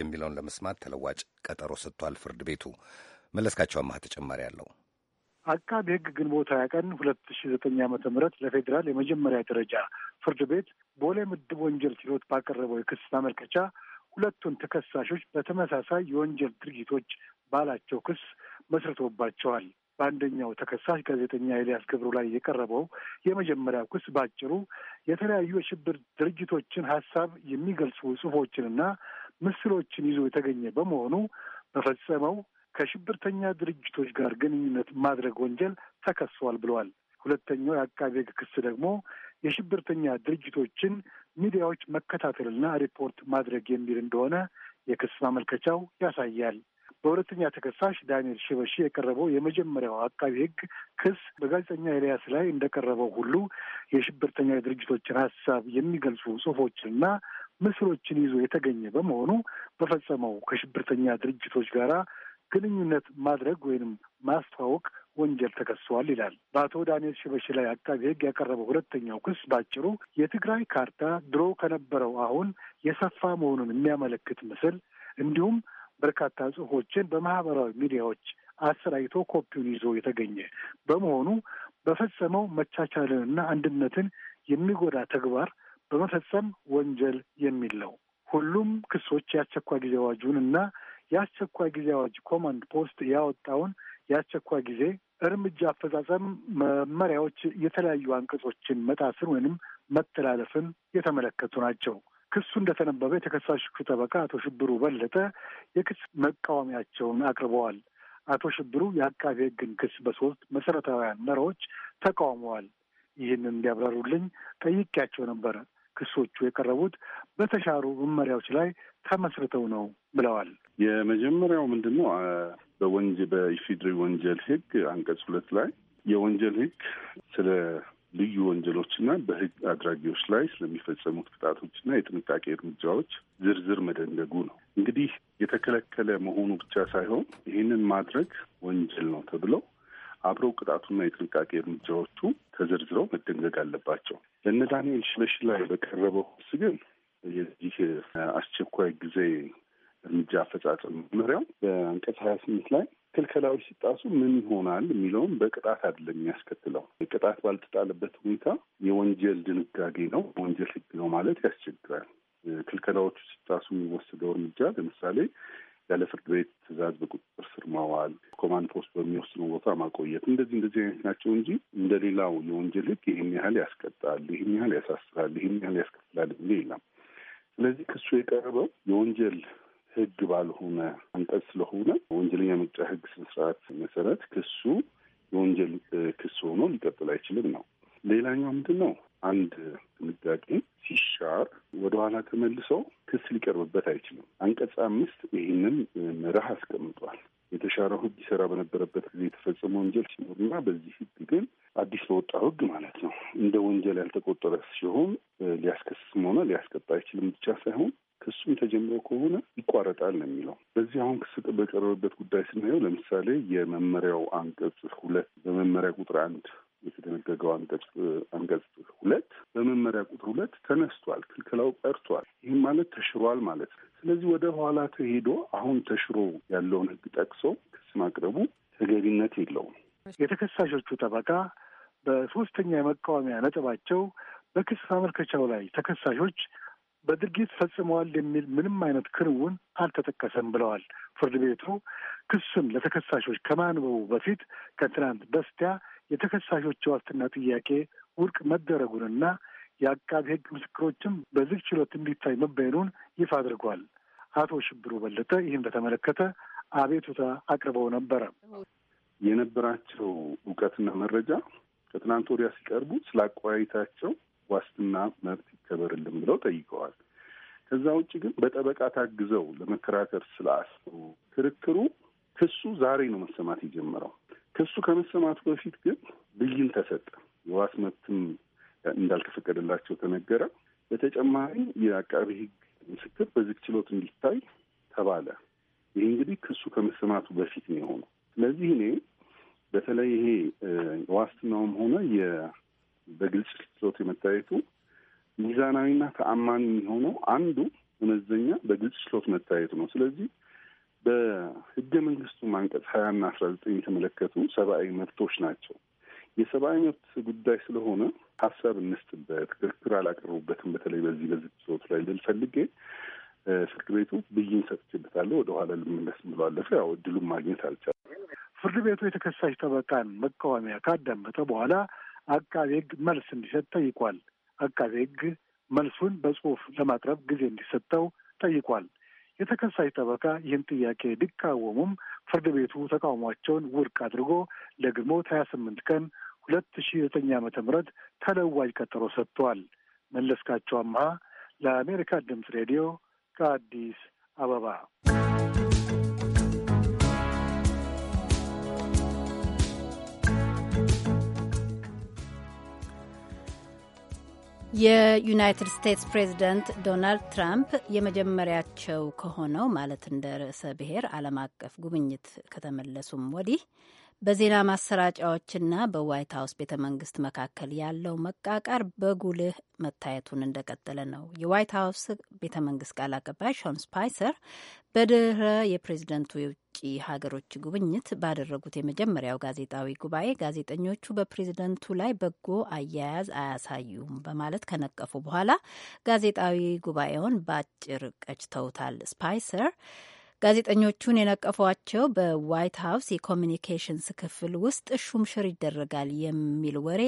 C: የሚለውን ለመስማት ተለዋጭ ቀጠሮ ሰጥቷል ፍርድ ቤቱ። መለስካቸው አማሃ ተጨማሪ አለው።
K: አቃቤ ሕግ ግንቦት ሃያ ቀን ሁለት ሺ ዘጠኝ ዓመተ ምህረት ለፌዴራል የመጀመሪያ ደረጃ ፍርድ ቤት ቦሌ ምድብ ወንጀል ችሎት ባቀረበው የክስ ማመልከቻ ሁለቱን ተከሳሾች በተመሳሳይ የወንጀል ድርጊቶች ባላቸው ክስ መስርቶባቸዋል። በአንደኛው ተከሳሽ ጋዜጠኛ ኤልያስ ገብሩ ላይ የቀረበው የመጀመሪያው ክስ ባጭሩ የተለያዩ የሽብር ድርጅቶችን ሀሳብ የሚገልጹ ጽሁፎችንና ምስሎችን ይዞ የተገኘ በመሆኑ በፈጸመው ከሽብርተኛ ድርጅቶች ጋር ግንኙነት ማድረግ ወንጀል ተከሷል ብለዋል። ሁለተኛው የአቃቤ ሕግ ክስ ደግሞ የሽብርተኛ ድርጅቶችን ሚዲያዎች መከታተልና ሪፖርት ማድረግ የሚል እንደሆነ የክስ ማመልከቻው ያሳያል። በሁለተኛ ተከሳሽ ዳንኤል ሽበሺ የቀረበው የመጀመሪያው አቃቢ ህግ ክስ በጋዜጠኛ ኤልያስ ላይ እንደቀረበው ሁሉ የሽብርተኛ ድርጅቶችን ሀሳብ የሚገልጹ ጽሁፎችንና ምስሎችን ይዞ የተገኘ በመሆኑ በፈጸመው ከሽብርተኛ ድርጅቶች ጋር ግንኙነት ማድረግ ወይንም ማስተዋወቅ ወንጀል ተከሰዋል ይላል። በአቶ ዳንኤል ሽበሽ ላይ አቃቢ ሕግ ያቀረበው ሁለተኛው ክስ ባጭሩ የትግራይ ካርታ ድሮ ከነበረው አሁን የሰፋ መሆኑን የሚያመለክት ምስል እንዲሁም በርካታ ጽሁፎችን በማህበራዊ ሚዲያዎች አሰራይቶ ኮፒውን ይዞ የተገኘ በመሆኑ በፈጸመው መቻቻልንና አንድነትን የሚጎዳ ተግባር በመፈጸም ወንጀል የሚል ነው። ሁሉም ክሶች የአስቸኳይ ጊዜ አዋጁን እና የአስቸኳይ ጊዜ አዋጅ ኮማንድ ፖስት ያወጣውን የአስቸኳይ ጊዜ እርምጃ አፈጻጸም መመሪያዎች የተለያዩ አንቀጾችን መጣስን ወይንም መተላለፍን የተመለከቱ ናቸው። ክሱ እንደተነበበ የተከሳሾቹ ጠበቃ አቶ ሽብሩ በለጠ የክስ መቃወሚያቸውን አቅርበዋል። አቶ ሽብሩ የአቃቤ ሕግን ክስ በሶስት መሰረታዊያን መርሆች ተቃውመዋል። ይህንን እንዲያብራሩልኝ ጠይቄያቸው ነበረ። ክሶቹ የቀረቡት በተሻሩ መመሪያዎች ላይ ተመስርተው ነው
L: ብለዋል። የመጀመሪያው ምንድን ነው? በወንጅ በኢፌድሪ ወንጀል ህግ አንቀጽ ሁለት ላይ የወንጀል ህግ ስለ ልዩ ወንጀሎችና በህግ አድራጊዎች ላይ ስለሚፈጸሙት ቅጣቶችና የጥንቃቄ እርምጃዎች ዝርዝር መደንገጉ ነው። እንግዲህ የተከለከለ መሆኑ ብቻ ሳይሆን ይህንን ማድረግ ወንጀል ነው ተብለው አብረው ቅጣቱና የጥንቃቄ እርምጃዎቹ ተዘርዝረው መደንገግ አለባቸው። ለነ ዳንኤል ሽለሽ ላይ በቀረበው ክስ የዚህ አስቸኳይ ጊዜ እርምጃ አፈጻጸም መመሪያው በአንቀጽ ሀያ ስምንት ላይ ክልከላዎች ሲጣሱ ምን ይሆናል የሚለውን በቅጣት አይደለም የሚያስከትለው። ቅጣት ባልተጣለበት ሁኔታ የወንጀል ድንጋጌ ነው፣ ወንጀል ሕግ ነው ማለት ያስቸግራል። ክልከላዎቹ ሲጣሱ የሚወስደው እርምጃ ለምሳሌ ያለ ፍርድ ቤት ትዕዛዝ በቁጥጥር ስር ማዋል፣ ኮማንድ ፖስት በሚወስኑ ቦታ ማቆየት፣ እንደዚህ እንደዚህ አይነት ናቸው እንጂ እንደሌላው የወንጀል ሕግ ይህን ያህል ያስቀጣል፣ ይህን ያህል ያሳስራል፣ ይህን ያህል ያስከፍላል ጊዜ የለም። ስለዚህ ክሱ የቀረበው የወንጀል ህግ ባልሆነ አንቀጽ ስለሆነ ወንጀለኛ መቅጫ ህግ ስነስርዓት መሰረት ክሱ የወንጀል ክስ ሆኖ ሊቀጥል አይችልም ነው። ሌላኛው ምንድን ነው? አንድ ድንጋጌ ሲሻር ወደኋላ ተመልሶ ክስ ሊቀርብበት አይችልም። አንቀጽ አምስት ይህንን መርህ አስቀምጧል። የተሻረው ህግ ይሰራ በነበረበት ጊዜ የተፈጸመ ወንጀል ሲኖርና በዚህ ህግ ግን አዲስ በወጣው ህግ ማለት ነው እንደ ወንጀል ያልተቆጠረ ሲሆን ሊያስከስስም ሆነ ሊያስቀጣ አይችልም ብቻ ሳይሆን ክሱም ተጀምሮ ከሆነ ይቋረጣል ነው የሚለው። በዚህ አሁን ክስ በቀረበበት ጉዳይ ስናየው ለምሳሌ የመመሪያው አንቀጽ ሁለት በመመሪያ ቁጥር አንድ የተደነገገው አንቀጽ አንቀጽ ሁለት በመመሪያ ቁጥር ሁለት ተነስቷል። ክልክላው ቀርቷል። ይህም ማለት ተሽሯል ማለት ነው። ስለዚህ ወደ ኋላ ተሄዶ አሁን ተሽሮ ያለውን ህግ ጠቅሶ ክስ ማቅረቡ ተገቢነት የለውም። የተከሳሾቹ ጠበቃ
K: በሶስተኛ የመቃወሚያ ነጥባቸው በክስ ማመልከቻው ላይ ተከሳሾች በድርጊት ፈጽመዋል የሚል ምንም አይነት ክንውን አልተጠቀሰም ብለዋል። ፍርድ ቤቱ ክሱን ለተከሳሾች ከማንበቡ በፊት ከትናንት በስቲያ የተከሳሾች ዋስትና ጥያቄ ውድቅ መደረጉንና የአቃቢ ሕግ ምስክሮችም በዝግ ችሎት እንዲታይ መበየኑን ይፋ አድርጓል። አቶ ሽብሩ በለጠ ይህን በተመለከተ
L: አቤቱታ አቅርበው ነበረ። የነበራቸው እውቀትና መረጃ ከትናንት ወዲያ ሲቀርቡ ስለ አቋያይታቸው ዋስትና መብት ይከበርልን ብለው ጠይቀዋል። ከዛ ውጭ ግን በጠበቃ ታግዘው ለመከራከር ስለአስሩ ክርክሩ ክሱ ዛሬ ነው መሰማት የጀመረው። ክሱ ከመሰማቱ በፊት ግን ብይን ተሰጠ። የዋስ መብትም እንዳልተፈቀደላቸው ተነገረ። በተጨማሪ የአቃቢ ሕግ ምስክር በዝግ ችሎት እንዲታይ ተባለ። ይህ እንግዲህ ክሱ ከመሰማቱ በፊት ነው የሆነው። ስለዚህ እኔ በተለይ ይሄ ዋስትናውም ሆነ በግልጽ ችሎት የመታየቱ ሚዛናዊና ተአማኒ የሆነው አንዱ መመዘኛ በግልጽ ችሎት መታየቱ ነው። ስለዚህ በህገ መንግስቱ አንቀጽ ሀያና አስራ ዘጠኝ የተመለከቱ ሰብአዊ መብቶች ናቸው። የሰብአዊ መብት ጉዳይ ስለሆነ ሀሳብ እንስጥበት፣ ክርክር አላቀርቡበትም። በተለይ በዚህ በዚህ ችሎት ላይ ልል ፈልጌ ፍርድ ቤቱ ብይን ሰጥቼበታለሁ ወደኋላ ልመለስ ብሏለፈ። ያው እድሉን ማግኘት አልቻለም። ፍርድ ቤቱ የተከሳሽ ጠበቃን መቃወሚያ ካዳመጠ
K: በኋላ አቃቤ ሕግ መልስ እንዲሰጥ ጠይቋል። አቃቤ ሕግ መልሱን በጽሁፍ ለማቅረብ ጊዜ እንዲሰጠው ጠይቋል። የተከሳሽ ጠበቃ ይህን ጥያቄ ቢቃወሙም ፍርድ ቤቱ ተቃውሟቸውን ውድቅ አድርጎ ለግንቦት ሀያ ስምንት ቀን ሁለት ሺ ዘጠኝ ዓመተ ምህረት ተለዋጅ ቀጠሮ ሰጥቷል። መለስካቸው አምሃ ለአሜሪካ ድምፅ ሬዲዮ ከአዲስ አበባ
B: የዩናይትድ ስቴትስ ፕሬዝደንት ዶናልድ ትራምፕ የመጀመሪያቸው ከሆነው ማለት እንደ ርዕሰ ብሔር ዓለም አቀፍ ጉብኝት ከተመለሱም ወዲህ በዜና ማሰራጫዎችና በዋይት ሀውስ ቤተ መንግስት መካከል ያለው መቃቃር በጉልህ መታየቱን እንደቀጠለ ነው። የዋይት ሀውስ ቤተ መንግስት ቃል አቀባይ ሾን ስፓይሰር በድህረ የፕሬዝደንቱ የውጭ ሀገሮች ጉብኝት ባደረጉት የመጀመሪያው ጋዜጣዊ ጉባኤ ጋዜጠኞቹ በፕሬዝደንቱ ላይ በጎ አያያዝ አያሳዩም በማለት ከነቀፉ በኋላ ጋዜጣዊ ጉባኤውን በአጭር ቀጭተውታል። ስፓይሰር ጋዜጠኞቹን የነቀፏቸው በዋይት ሀውስ የኮሚኒኬሽንስ ክፍል ውስጥ ሹምሽር ይደረጋል የሚል ወሬ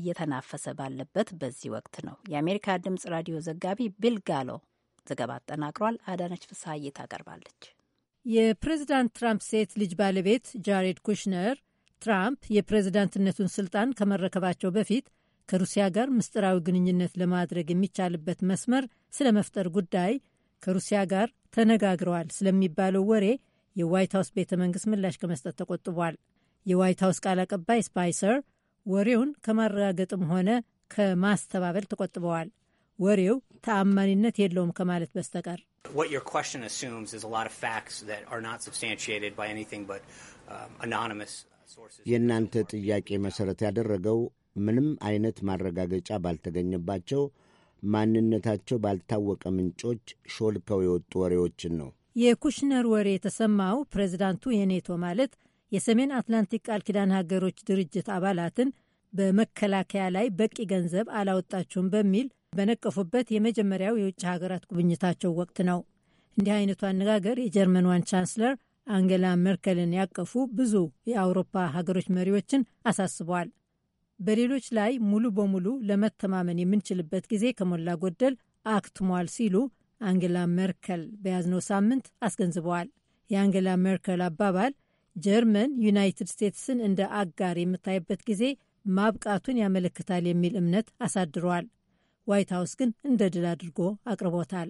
B: እየተናፈሰ ባለበት በዚህ ወቅት ነው። የአሜሪካ ድምጽ ራዲዮ ዘጋቢ ቢል ጋሎ ዘገባ አጠናቅሯል። አዳነች ፍስሀዬ ታቀርባለች።
A: የፕሬዚዳንት ትራምፕ ሴት ልጅ ባለቤት ጃሬድ ኩሽነር ትራምፕ የፕሬዝዳንትነቱን ስልጣን ከመረከባቸው በፊት ከሩሲያ ጋር ምስጢራዊ ግንኙነት ለማድረግ የሚቻልበት መስመር ስለ መፍጠር ጉዳይ ከሩሲያ ጋር ተነጋግረዋል ስለሚባለው ወሬ የዋይት ሀውስ ቤተ መንግስት ምላሽ ከመስጠት ተቆጥቧል። የዋይት ሀውስ ቃል አቀባይ ስፓይሰር ወሬውን ከማረጋገጥም ሆነ ከማስተባበል ተቆጥበዋል። ወሬው ተአማኒነት የለውም ከማለት በስተቀር
M: What your question assumes is a lot of facts that are not substantiated by anything but um, anonymous sources.
F: የእናንተ ጥያቄ መሰረት ያደረገው ምንም አይነት ማረጋገጫ ባልተገኘባቸው ማንነታቸው ባልታወቀ ምንጮች ሾልከው የወጡ ወሬዎችን ነው።
A: የኩሽነር ወሬ የተሰማው ፕሬዚዳንቱ የኔቶ ማለት የሰሜን አትላንቲክ ቃል ኪዳን ሀገሮች ድርጅት አባላትን በመከላከያ ላይ በቂ ገንዘብ አላወጣችሁም በሚል በነቀፉበት የመጀመሪያው የውጭ ሀገራት ጉብኝታቸው ወቅት ነው። እንዲህ አይነቱ አነጋገር የጀርመኗን ቻንስለር አንገላ ሜርከልን ያቀፉ ብዙ የአውሮፓ ሀገሮች መሪዎችን አሳስበዋል። በሌሎች ላይ ሙሉ በሙሉ ለመተማመን የምንችልበት ጊዜ ከሞላ ጎደል አክትሟል ሲሉ አንገላ መርከል በያዝነው ሳምንት አስገንዝበዋል። የአንገላ ሜርከል አባባል ጀርመን ዩናይትድ ስቴትስን እንደ አጋር የምታይበት ጊዜ ማብቃቱን ያመለክታል የሚል እምነት አሳድሯል። ዋይት ሀውስ ግን እንደ ድል አድርጎ አቅርቦታል።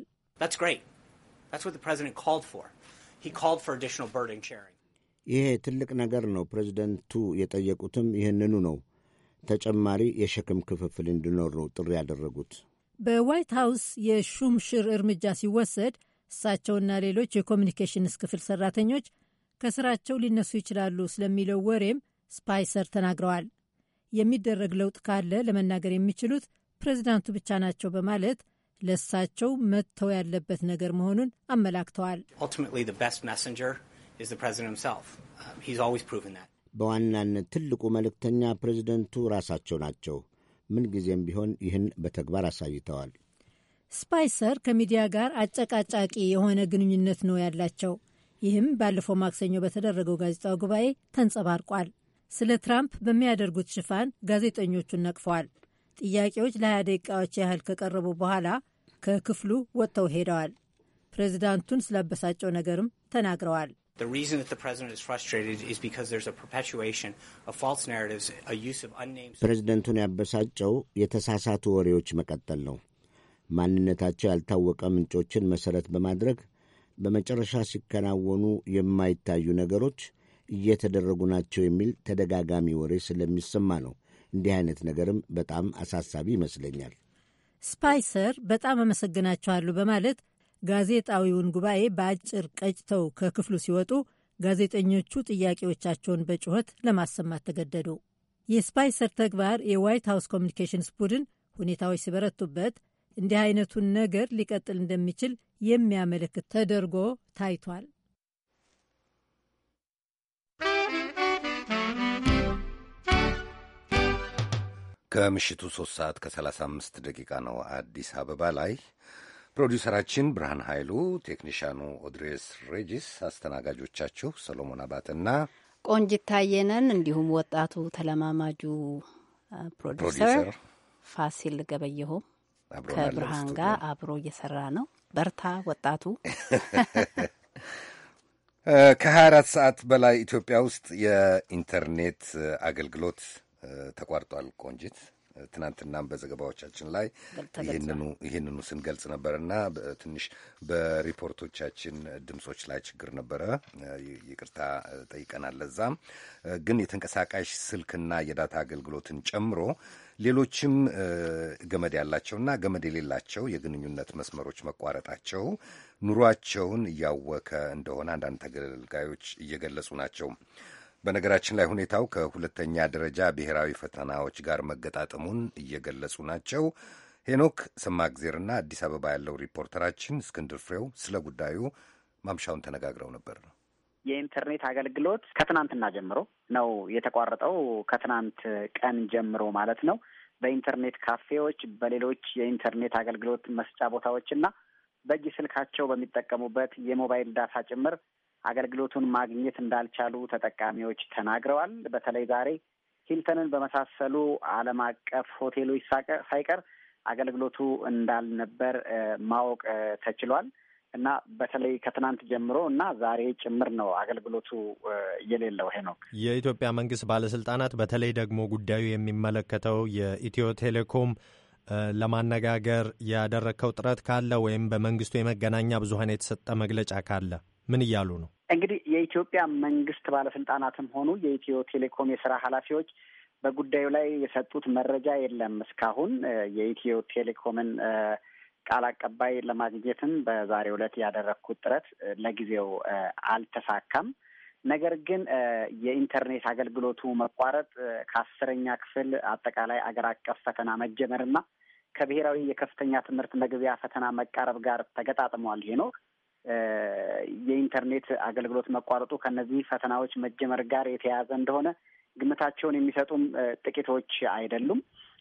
F: ይሄ ትልቅ ነገር ነው። ፕሬዚደንቱ የጠየቁትም ይህንኑ ነው። ተጨማሪ የሸክም ክፍፍል እንዲኖር ነው ጥሪ ያደረጉት።
A: በዋይት ሀውስ የሹምሽር እርምጃ ሲወሰድ እሳቸውና ሌሎች የኮሚኒኬሽንስ ክፍል ሰራተኞች ከስራቸው ሊነሱ ይችላሉ ስለሚለው ወሬም ስፓይሰር ተናግረዋል። የሚደረግ ለውጥ ካለ ለመናገር የሚችሉት ፕሬዚዳንቱ ብቻ ናቸው በማለት ለሳቸው መጥተው ያለበት ነገር መሆኑን አመላክተዋል።
M: uh,
F: በዋናነት ትልቁ መልእክተኛ ፕሬዚደንቱ ራሳቸው ናቸው። ምንጊዜም ቢሆን ይህን በተግባር አሳይተዋል።
A: ስፓይሰር ከሚዲያ ጋር አጨቃጫቂ የሆነ ግንኙነት ነው ያላቸው። ይህም ባለፈው ማክሰኞ በተደረገው ጋዜጣዊ ጉባኤ ተንጸባርቋል። ስለ ትራምፕ በሚያደርጉት ሽፋን ጋዜጠኞቹን ነቅፈዋል። ጥያቄዎች ለ20 ደቂቃዎች ያህል ከቀረቡ በኋላ ከክፍሉ ወጥተው ሄደዋል። ፕሬዚዳንቱን ስላበሳጨው ነገርም ተናግረዋል።
F: ፕሬዚደንቱን ያበሳጨው የተሳሳቱ ወሬዎች መቀጠል ነው። ማንነታቸው ያልታወቀ ምንጮችን መሠረት በማድረግ በመጨረሻ ሲከናወኑ የማይታዩ ነገሮች እየተደረጉ ናቸው የሚል ተደጋጋሚ ወሬ ስለሚሰማ ነው እንዲህ አይነት ነገርም በጣም አሳሳቢ ይመስለኛል።
A: ስፓይሰር በጣም አመሰግናችኋለሁ በማለት ጋዜጣዊውን ጉባኤ በአጭር ቀጭተው ከክፍሉ ሲወጡ ጋዜጠኞቹ ጥያቄዎቻቸውን በጩኸት ለማሰማት ተገደዱ። የስፓይሰር ተግባር የዋይት ሃውስ ኮሚኒኬሽንስ ቡድን ሁኔታዎች ሲበረቱበት እንዲህ አይነቱን ነገር ሊቀጥል እንደሚችል የሚያመለክት ተደርጎ ታይቷል።
C: ከምሽቱ 3 ሰዓት ከ35 ደቂቃ ነው አዲስ አበባ ላይ። ፕሮዲውሰራችን ብርሃን ኃይሉ፣ ቴክኒሽያኑ ኦድሬስ ሬጂስ፣ አስተናጋጆቻችሁ ሰሎሞን አባትና
B: ቆንጂት ታየነን እንዲሁም ወጣቱ ተለማማጁ ፕሮዲውሰር ፋሲል ገበየሆም ከብርሃን ጋር አብሮ እየሰራ ነው። በርታ ወጣቱ።
C: ከ24 ሰዓት በላይ ኢትዮጵያ ውስጥ የኢንተርኔት አገልግሎት ተቋርጧል። ቆንጂት ትናንትናም በዘገባዎቻችን ላይ ይህንኑ ስንገልጽ ነበርና ትንሽ በሪፖርቶቻችን ድምጾች ላይ ችግር ነበረ። ይቅርታ ጠይቀናል። ለዛም ግን የተንቀሳቃሽ ስልክና የዳታ አገልግሎትን ጨምሮ ሌሎችም ገመድ ያላቸውና ገመድ የሌላቸው የግንኙነት መስመሮች መቋረጣቸው ኑሯቸውን እያወከ እንደሆነ አንዳንድ ተገልጋዮች እየገለጹ ናቸው። በነገራችን ላይ ሁኔታው ከሁለተኛ ደረጃ ብሔራዊ ፈተናዎች ጋር መገጣጠሙን እየገለጹ ናቸው። ሄኖክ ሰማግዜርና አዲስ አበባ ያለው ሪፖርተራችን እስክንድር ፍሬው ስለ ጉዳዩ ማምሻውን ተነጋግረው ነበር።
N: የኢንተርኔት አገልግሎት ከትናንትና ጀምሮ ነው የተቋረጠው። ከትናንት ቀን ጀምሮ ማለት ነው። በኢንተርኔት ካፌዎች፣ በሌሎች የኢንተርኔት አገልግሎት መስጫ ቦታዎችና በእጅ ስልካቸው በሚጠቀሙበት የሞባይል ዳታ ጭምር አገልግሎቱን ማግኘት እንዳልቻሉ ተጠቃሚዎች ተናግረዋል። በተለይ ዛሬ ሂልተንን በመሳሰሉ ዓለም አቀፍ ሆቴሎች ሳይቀር አገልግሎቱ እንዳልነበር ማወቅ ተችሏል እና በተለይ ከትናንት ጀምሮ እና ዛሬ ጭምር ነው አገልግሎቱ የሌለው። ሄኖክ፣
C: የኢትዮጵያ መንግስት ባለስልጣናት በተለይ ደግሞ ጉዳዩ የሚመለከተው የኢትዮ ቴሌኮም ለማነጋገር ያደረግከው ጥረት ካለ ወይም በመንግስቱ የመገናኛ ብዙኃን የተሰጠ መግለጫ ካለ ምን እያሉ ነው?
N: እንግዲህ የኢትዮጵያ መንግስት ባለስልጣናትም ሆኑ የኢትዮ ቴሌኮም የስራ ኃላፊዎች በጉዳዩ ላይ የሰጡት መረጃ የለም። እስካሁን የኢትዮ ቴሌኮምን ቃል አቀባይ ለማግኘትም በዛሬው ዕለት ያደረግኩት ጥረት ለጊዜው አልተሳካም። ነገር ግን የኢንተርኔት አገልግሎቱ መቋረጥ ከአስረኛ ክፍል አጠቃላይ አገር አቀፍ ፈተና መጀመርና ከብሔራዊ የከፍተኛ ትምህርት መግቢያ ፈተና መቃረብ ጋር ተገጣጥሟል። ሄኖክ የኢንተርኔት አገልግሎት መቋረጡ ከነዚህ ፈተናዎች መጀመር ጋር የተያያዘ እንደሆነ ግምታቸውን የሚሰጡም ጥቂቶች አይደሉም።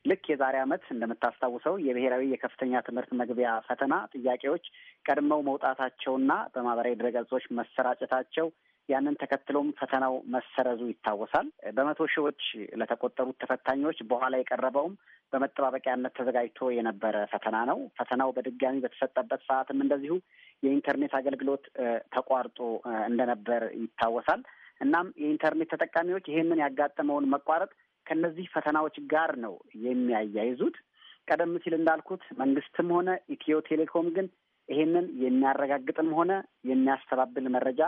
N: ልክ የዛሬ ዓመት እንደምታስታውሰው የብሔራዊ የከፍተኛ ትምህርት መግቢያ ፈተና ጥያቄዎች ቀድመው መውጣታቸውና በማህበራዊ ድረገጾች መሰራጨታቸው ያንን ተከትሎም ፈተናው መሰረዙ ይታወሳል። በመቶ ሺዎች ለተቆጠሩት ተፈታኞች በኋላ የቀረበውም በመጠባበቂያነት ተዘጋጅቶ የነበረ ፈተና ነው። ፈተናው በድጋሚ በተሰጠበት ሰዓትም እንደዚሁ የኢንተርኔት አገልግሎት ተቋርጦ እንደነበር ይታወሳል። እናም የኢንተርኔት ተጠቃሚዎች ይህንን ያጋጠመውን መቋረጥ ከእነዚህ ፈተናዎች ጋር ነው የሚያያይዙት። ቀደም ሲል እንዳልኩት መንግስትም ሆነ ኢትዮ ቴሌኮም ግን ይህንን የሚያረጋግጥም ሆነ የሚያስተባብል መረጃ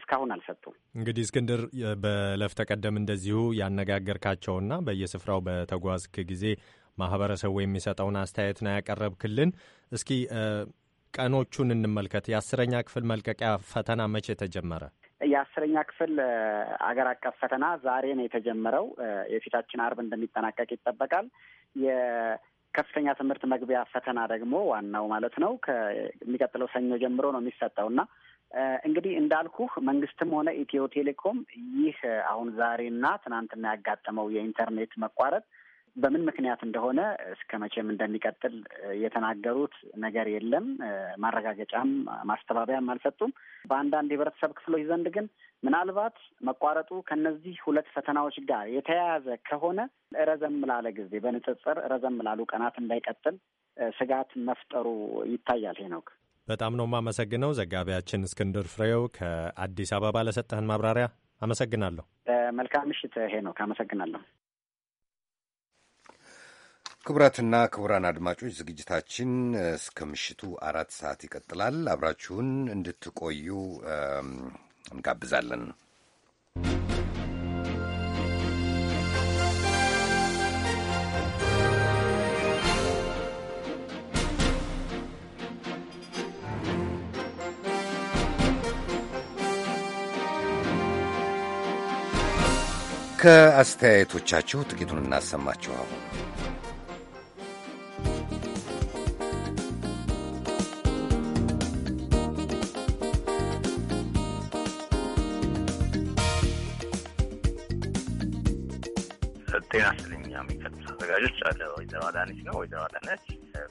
N: እስካሁን አልሰጡም።
C: እንግዲህ እስክንድር፣ በለፍ ተቀደም እንደዚሁ ያነጋገርካቸውና በየስፍራው በተጓዝክ ጊዜ ማህበረሰቡ የሚሰጠውን አስተያየት ነው ያቀረብክልን።
M: እስኪ
O: ቀኖቹን እንመልከት። የአስረኛ ክፍል መልቀቂያ ፈተና መቼ ተጀመረ?
N: የአስረኛ ክፍል አገር አቀፍ ፈተና ዛሬ ነው የተጀመረው። የፊታችን አርብ እንደሚጠናቀቅ ይጠበቃል። የከፍተኛ ትምህርት መግቢያ ፈተና ደግሞ ዋናው ማለት ነው ከሚቀጥለው ሰኞ ጀምሮ ነው የሚሰጠው እና እንግዲህ እንዳልኩህ መንግስትም ሆነ ኢትዮ ቴሌኮም ይህ አሁን ዛሬና ትናንትና ያጋጠመው የኢንተርኔት መቋረጥ በምን ምክንያት እንደሆነ እስከ መቼም እንደሚቀጥል የተናገሩት ነገር የለም። ማረጋገጫም ማስተባበያም አልሰጡም። በአንዳንድ የህብረተሰብ ክፍሎች ዘንድ ግን ምናልባት መቋረጡ ከነዚህ ሁለት ፈተናዎች ጋር የተያያዘ ከሆነ ረዘም ላለ ጊዜ በንጽጽር ረዘም ላሉ ቀናት እንዳይቀጥል ስጋት መፍጠሩ ይታያል ሄኖክ።
C: በጣም ነው የማመሰግነው። ዘጋቢያችን እስክንድር ፍሬው ከአዲስ አበባ ለሰጠህን ማብራሪያ አመሰግናለሁ።
N: መልካም ምሽት ሄኖክ። አመሰግናለሁ።
C: ክቡራትና ክቡራን አድማጮች ዝግጅታችን እስከ ምሽቱ አራት ሰዓት ይቀጥላል። አብራችሁን እንድትቆዩ እንጋብዛለን። ከአስተያየቶቻችሁ ጥቂቱን እናሰማችሁ። አሁን
M: ጤና ስለኛ የሚቀጥሉ አዘጋጆች አለ ወይዘሮ አዳነች ነው ወይዘሮ አዳነች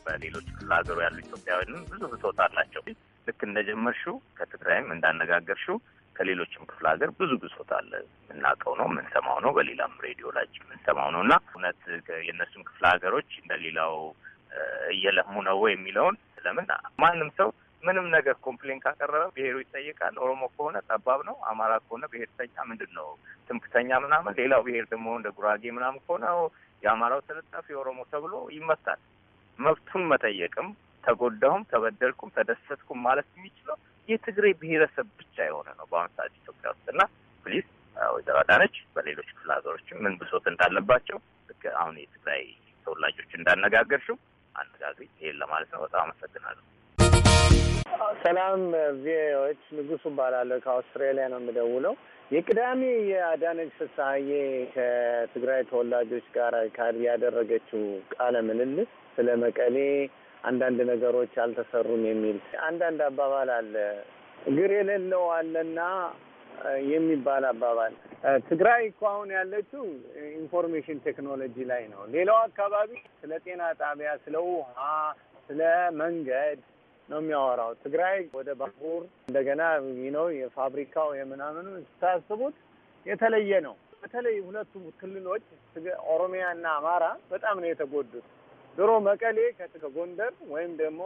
M: በሌሎች ክፍለ ሀገሩ ያሉ ኢትዮጵያውያንም ብዙ ብሶት አላቸው። ልክ እንደጀመርሽው ከትግራይም እንዳነጋገርሽው ከሌሎችም ክፍለ ሀገር ብዙ ብሶት አለ። የምናውቀው ነው፣ የምንሰማው ነው፣ በሌላም ሬዲዮ ላይ የምንሰማው ነው እና እውነት የእነሱም ክፍለ ሀገሮች እንደሌላው እየለሙ ነው የሚለውን ለምን ማንም ሰው ምንም ነገር ኮምፕሌን ካቀረበ ብሔሩ ይጠየቃል። ኦሮሞ ከሆነ ጠባብ ነው፣ አማራ ከሆነ ብሄርተኛ ምንድን ነው ትምክተኛ ምናምን፣ ሌላው ብሄር ደግሞ እንደ ጉራጌ ምናምን ከሆነ የአማራው ተለጣፊ የኦሮሞ ተብሎ ይመታል። መብቱን መጠየቅም ተጎዳሁም፣ ተበደልኩም፣ ተደሰትኩም ማለት የሚችለው የትግራይ ብሔረሰብ ብቻ የሆነ ነው በአሁኑ ሰዓት ኢትዮጵያ ውስጥ እና ፕሊዝ ወይዘሮ አዳነች በሌሎች ክፍለ ሀገሮችም ምን ብሶት እንዳለባቸው ልክ አሁን የትግራይ ተወላጆች እንዳነጋገርሽው አነጋግሪ። ይሄን ለማለት ነው። በጣም አመሰግናለሁ። ሰላም ቪኦኤዎች፣ ንጉሱ እባላለሁ ከአውስትራሊያ ነው የምደውለው። የቅዳሜ የአዳነች ፍስሀዬ ከትግራይ ተወላጆች ጋር ካድ ያደረገችው ቃለ ምልልስ ስለ መቀሌ አንዳንድ ነገሮች አልተሰሩም የሚል አንዳንድ አባባል አለ። እግር የሌለው አለና የሚባል አባባል። ትግራይ እኮ አሁን ያለችው ኢንፎርሜሽን ቴክኖሎጂ ላይ ነው። ሌላው አካባቢ ስለ ጤና ጣቢያ፣ ስለ ውሃ፣ ስለ መንገድ ነው የሚያወራው። ትግራይ ወደ ባቡር እንደገና ነው የፋብሪካው የምናምኑ ስታስቡት
J: የተለየ ነው።
M: በተለይ ሁለቱ ክልሎች እና አማራ በጣም ነው የተጎዱት። ድሮ መቀሌ ከጎንደር ወይም ደግሞ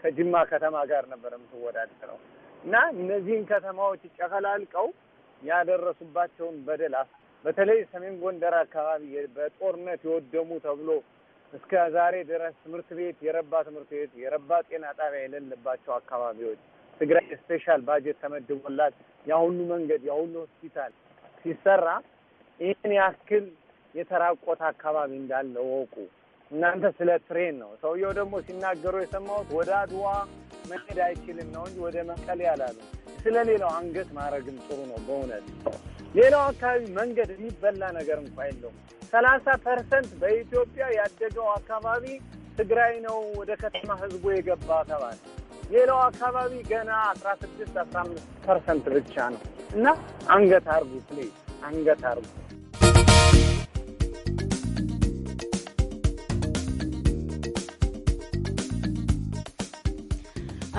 M: ከጅማ ከተማ ጋር ነበር የምትወዳደረው እና እነዚህን ከተማዎች ጨፈላልቀው ያደረሱባቸውን በደል በተለይ ሰሜን ጎንደር አካባቢ በጦርነት የወደሙ ተብሎ እስከ ዛሬ ድረስ ትምህርት ቤት የረባ ትምህርት ቤት የረባ ጤና ጣቢያ የሌለባቸው አካባቢዎች ትግራይ ስፔሻል ባጀት ተመድቦላት ያሁሉ መንገድ ያሁሉ ሆስፒታል ሲሰራ ይህን ያክል የተራቆት አካባቢ እንዳለ ወቁ። እናንተ ስለ ትሬን ነው። ሰውየው ደግሞ ሲናገሩ የሰማሁት ወደ አድዋ መሄድ አይችልም ነው እንጂ ወደ መቀሌ ያላሉ። ስለ ሌላው አንገት ማድረግም ጥሩ ነው በእውነት ሌላው አካባቢ መንገድ የሚበላ ነገር እንኳ የለውም። ሰላሳ ፐርሰንት በኢትዮጵያ ያደገው አካባቢ ትግራይ ነው ወደ ከተማ ህዝቡ የገባ ተባለ። ሌላው አካባቢ ገና አስራ ስድስት አስራ አምስት ፐርሰንት ብቻ ነው እና አንገት አርጉ ፕሌ አንገት አርጉ።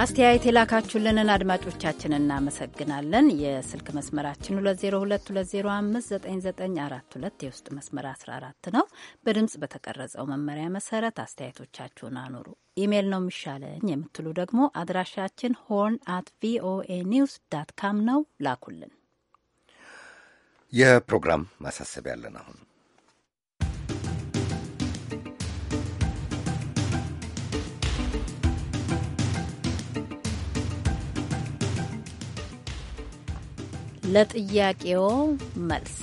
B: አስተያየት የላካችሁልንን አድማጮቻችን እናመሰግናለን። የስልክ መስመራችን 2022059942 የውስጥ መስመር 14 ነው። በድምፅ በተቀረጸው መመሪያ መሰረት አስተያየቶቻችሁን አኑሩ። ኢሜል ነው የሚሻለን የምትሉ ደግሞ አድራሻችን ሆርን አት ቪኦኤ ኒውስ ዳት ካም ነው። ላኩልን።
C: የፕሮግራም ማሳሰቢያ ያለን አሁን
B: ለጥያቄው መልስ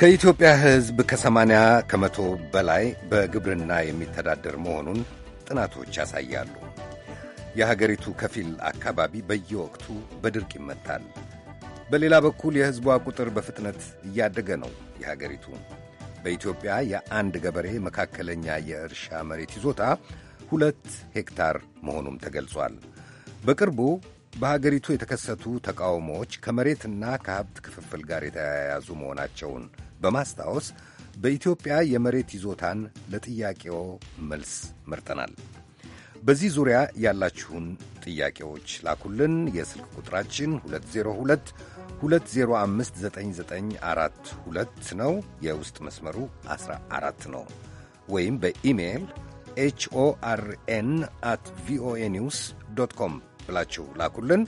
C: ከኢትዮጵያ ሕዝብ ከ80 ከመቶ በላይ በግብርና የሚተዳደር መሆኑን ጥናቶች ያሳያሉ። የሀገሪቱ ከፊል አካባቢ በየወቅቱ በድርቅ ይመታል። በሌላ በኩል የሕዝቧ ቁጥር በፍጥነት እያደገ ነው። የሀገሪቱ በኢትዮጵያ የአንድ ገበሬ መካከለኛ የእርሻ መሬት ይዞታ ሁለት ሄክታር መሆኑም ተገልጿል። በቅርቡ በሀገሪቱ የተከሰቱ ተቃውሞዎች ከመሬትና ከሀብት ክፍፍል ጋር የተያያዙ መሆናቸውን በማስታወስ በኢትዮጵያ የመሬት ይዞታን ለጥያቄው መልስ መርጠናል። በዚህ ዙሪያ ያላችሁን ጥያቄዎች ላኩልን። የስልክ ቁጥራችን 202 205 ነው። የውስጥ መስመሩ 14 ነው። ወይም በኢሜይል ኤችኦአርኤን አት ቪኦኤ ኒውስ ዶት ኮም ብላችሁ ላኩልን።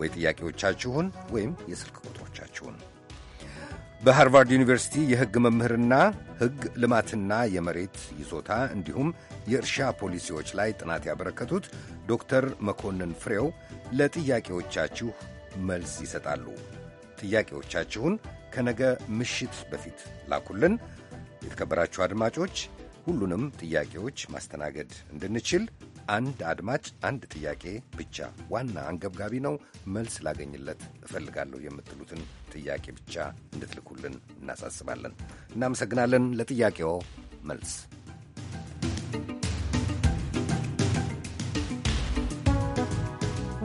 C: ወይ ጥያቄዎቻችሁን ወይም የስልክ ቁጥሮቻችሁን። በሃርቫርድ ዩኒቨርሲቲ የሕግ መምህርና ሕግ ልማትና የመሬት ይዞታ እንዲሁም የእርሻ ፖሊሲዎች ላይ ጥናት ያበረከቱት ዶክተር መኮንን ፍሬው ለጥያቄዎቻችሁ መልስ ይሰጣሉ። ጥያቄዎቻችሁን ከነገ ምሽት በፊት ላኩልን። የተከበራችሁ አድማጮች ሁሉንም ጥያቄዎች ማስተናገድ እንድንችል አንድ አድማጭ አንድ ጥያቄ ብቻ ዋና አንገብጋቢ ነው፣ መልስ ላገኝለት እፈልጋለሁ የምትሉትን ጥያቄ ብቻ እንድትልኩልን እናሳስባለን። እናመሰግናለን። ለጥያቄው መልስ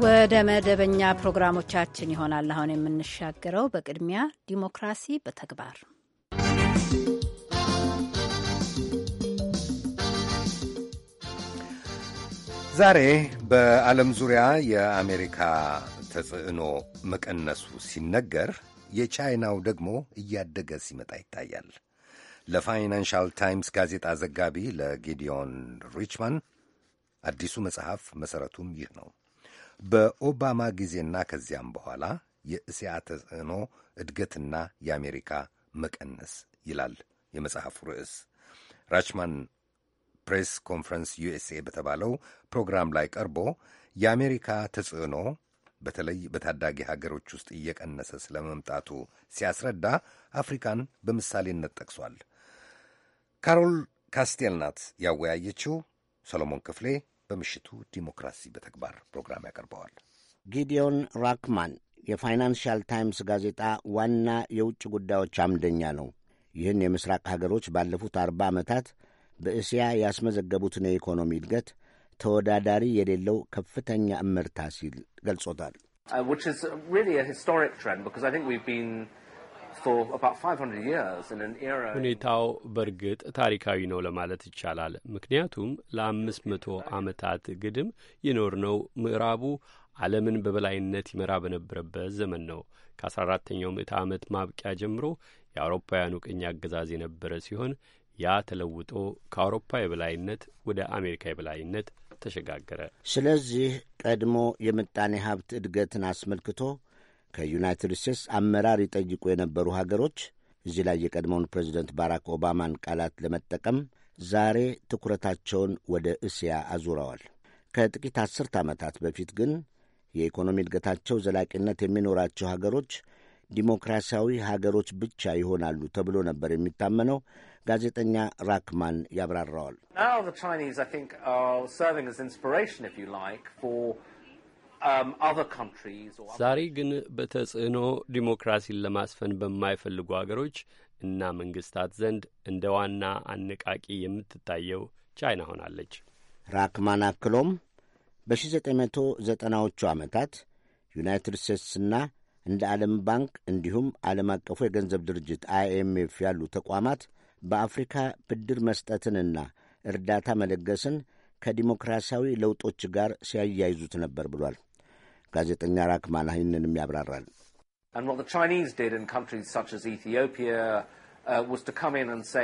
B: ወደ መደበኛ ፕሮግራሞቻችን ይሆናል አሁን የምንሻገረው። በቅድሚያ ዲሞክራሲ በተግባር ዛሬ
C: በዓለም ዙሪያ የአሜሪካ ተጽዕኖ መቀነሱ ሲነገር የቻይናው ደግሞ እያደገ ሲመጣ ይታያል። ለፋይናንሻል ታይምስ ጋዜጣ ዘጋቢ ለጊዲዮን ሪችማን አዲሱ መጽሐፍ መሠረቱም ይህ ነው። በኦባማ ጊዜና ከዚያም በኋላ የእስያ ተጽዕኖ እድገትና የአሜሪካ መቀነስ ይላል የመጽሐፉ ርዕስ። ራችማን ፕሬስ ኮንፈረንስ ዩኤስኤ በተባለው ፕሮግራም ላይ ቀርቦ የአሜሪካ ተጽዕኖ በተለይ በታዳጊ ሀገሮች ውስጥ እየቀነሰ ስለ መምጣቱ ሲያስረዳ አፍሪካን በምሳሌነት ጠቅሷል። ካሮል ካስቴል ናት ያወያየችው። ሰሎሞን ክፍሌ በምሽቱ ዲሞክራሲ በተግባር ፕሮግራም ያቀርበዋል።
F: ጊዲዮን ራክማን የፋይናንሻል ታይምስ ጋዜጣ ዋና የውጭ ጉዳዮች አምደኛ ነው። ይህን የምስራቅ ሀገሮች ባለፉት አርባ ዓመታት በእስያ ያስመዘገቡትን የኢኮኖሚ እድገት ተወዳዳሪ የሌለው ከፍተኛ እመርታ ሲል ገልጾታል።
H: uh,
O: ሁኔታው በእርግጥ ታሪካዊ ነው ለማለት ይቻላል። ምክንያቱም ለአምስት መቶ ዓመታት ግድም የኖርነው ምዕራቡ ዓለምን በበላይነት ይመራ በነበረበት ዘመን ነው። ከአስራ አራተኛው ምዕተ ዓመት ማብቂያ ጀምሮ የአውሮፓውያኑ ቅኝ አገዛዝ የነበረ ሲሆን ያ ተለውጦ ከአውሮፓ የበላይነት ወደ አሜሪካ የበላይነት ተሸጋገረ።
F: ስለዚህ ቀድሞ የምጣኔ ሀብት እድገትን አስመልክቶ ከዩናይትድ ስቴትስ አመራር ይጠይቁ የነበሩ ሀገሮች እዚህ ላይ የቀድሞውን ፕሬዚደንት ባራክ ኦባማን ቃላት ለመጠቀም ዛሬ ትኩረታቸውን ወደ እስያ አዙረዋል። ከጥቂት አስርት ዓመታት በፊት ግን የኢኮኖሚ እድገታቸው ዘላቂነት የሚኖራቸው ሀገሮች ዲሞክራሲያዊ ሀገሮች ብቻ ይሆናሉ ተብሎ ነበር የሚታመነው። ጋዜጠኛ ራክማን ያብራራዋል።
C: um,
O: ዛሬ ግን በተጽዕኖ ዲሞክራሲን ለማስፈን በማይፈልጉ አገሮች እና መንግስታት ዘንድ እንደ ዋና አነቃቂ የምትታየው ቻይና ሆናለች።
F: ራክማን አክሎም በ1990ዎቹ ዓመታት ዩናይትድ ስቴትስና እንደ ዓለም ባንክ እንዲሁም ዓለም አቀፉ የገንዘብ ድርጅት አይኤምኤፍ ያሉ ተቋማት በአፍሪካ ብድር መስጠትንና እርዳታ መለገስን ከዲሞክራሲያዊ ለውጦች ጋር ሲያያይዙት ነበር ብሏል። ጋዜጠኛ ራክማን ይህንንም ያብራራል።
C: uh,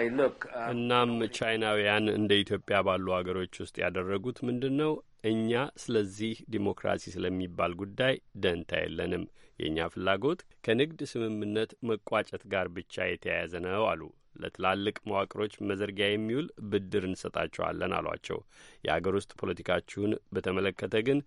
C: uh,
O: እናም ቻይናውያን እንደ ኢትዮጵያ ባሉ ሀገሮች ውስጥ ያደረጉት ምንድን ነው? እኛ ስለዚህ ዲሞክራሲ ስለሚባል ጉዳይ ደንታ የለንም። የእኛ ፍላጎት ከንግድ ስምምነት መቋጨት ጋር ብቻ የተያያዘ ነው አሉ። ለትላልቅ መዋቅሮች መዘርጊያ የሚውል ብድር እንሰጣቸዋለን አሏቸው። የአገር ውስጥ ፖለቲካችሁን በተመለከተ ግን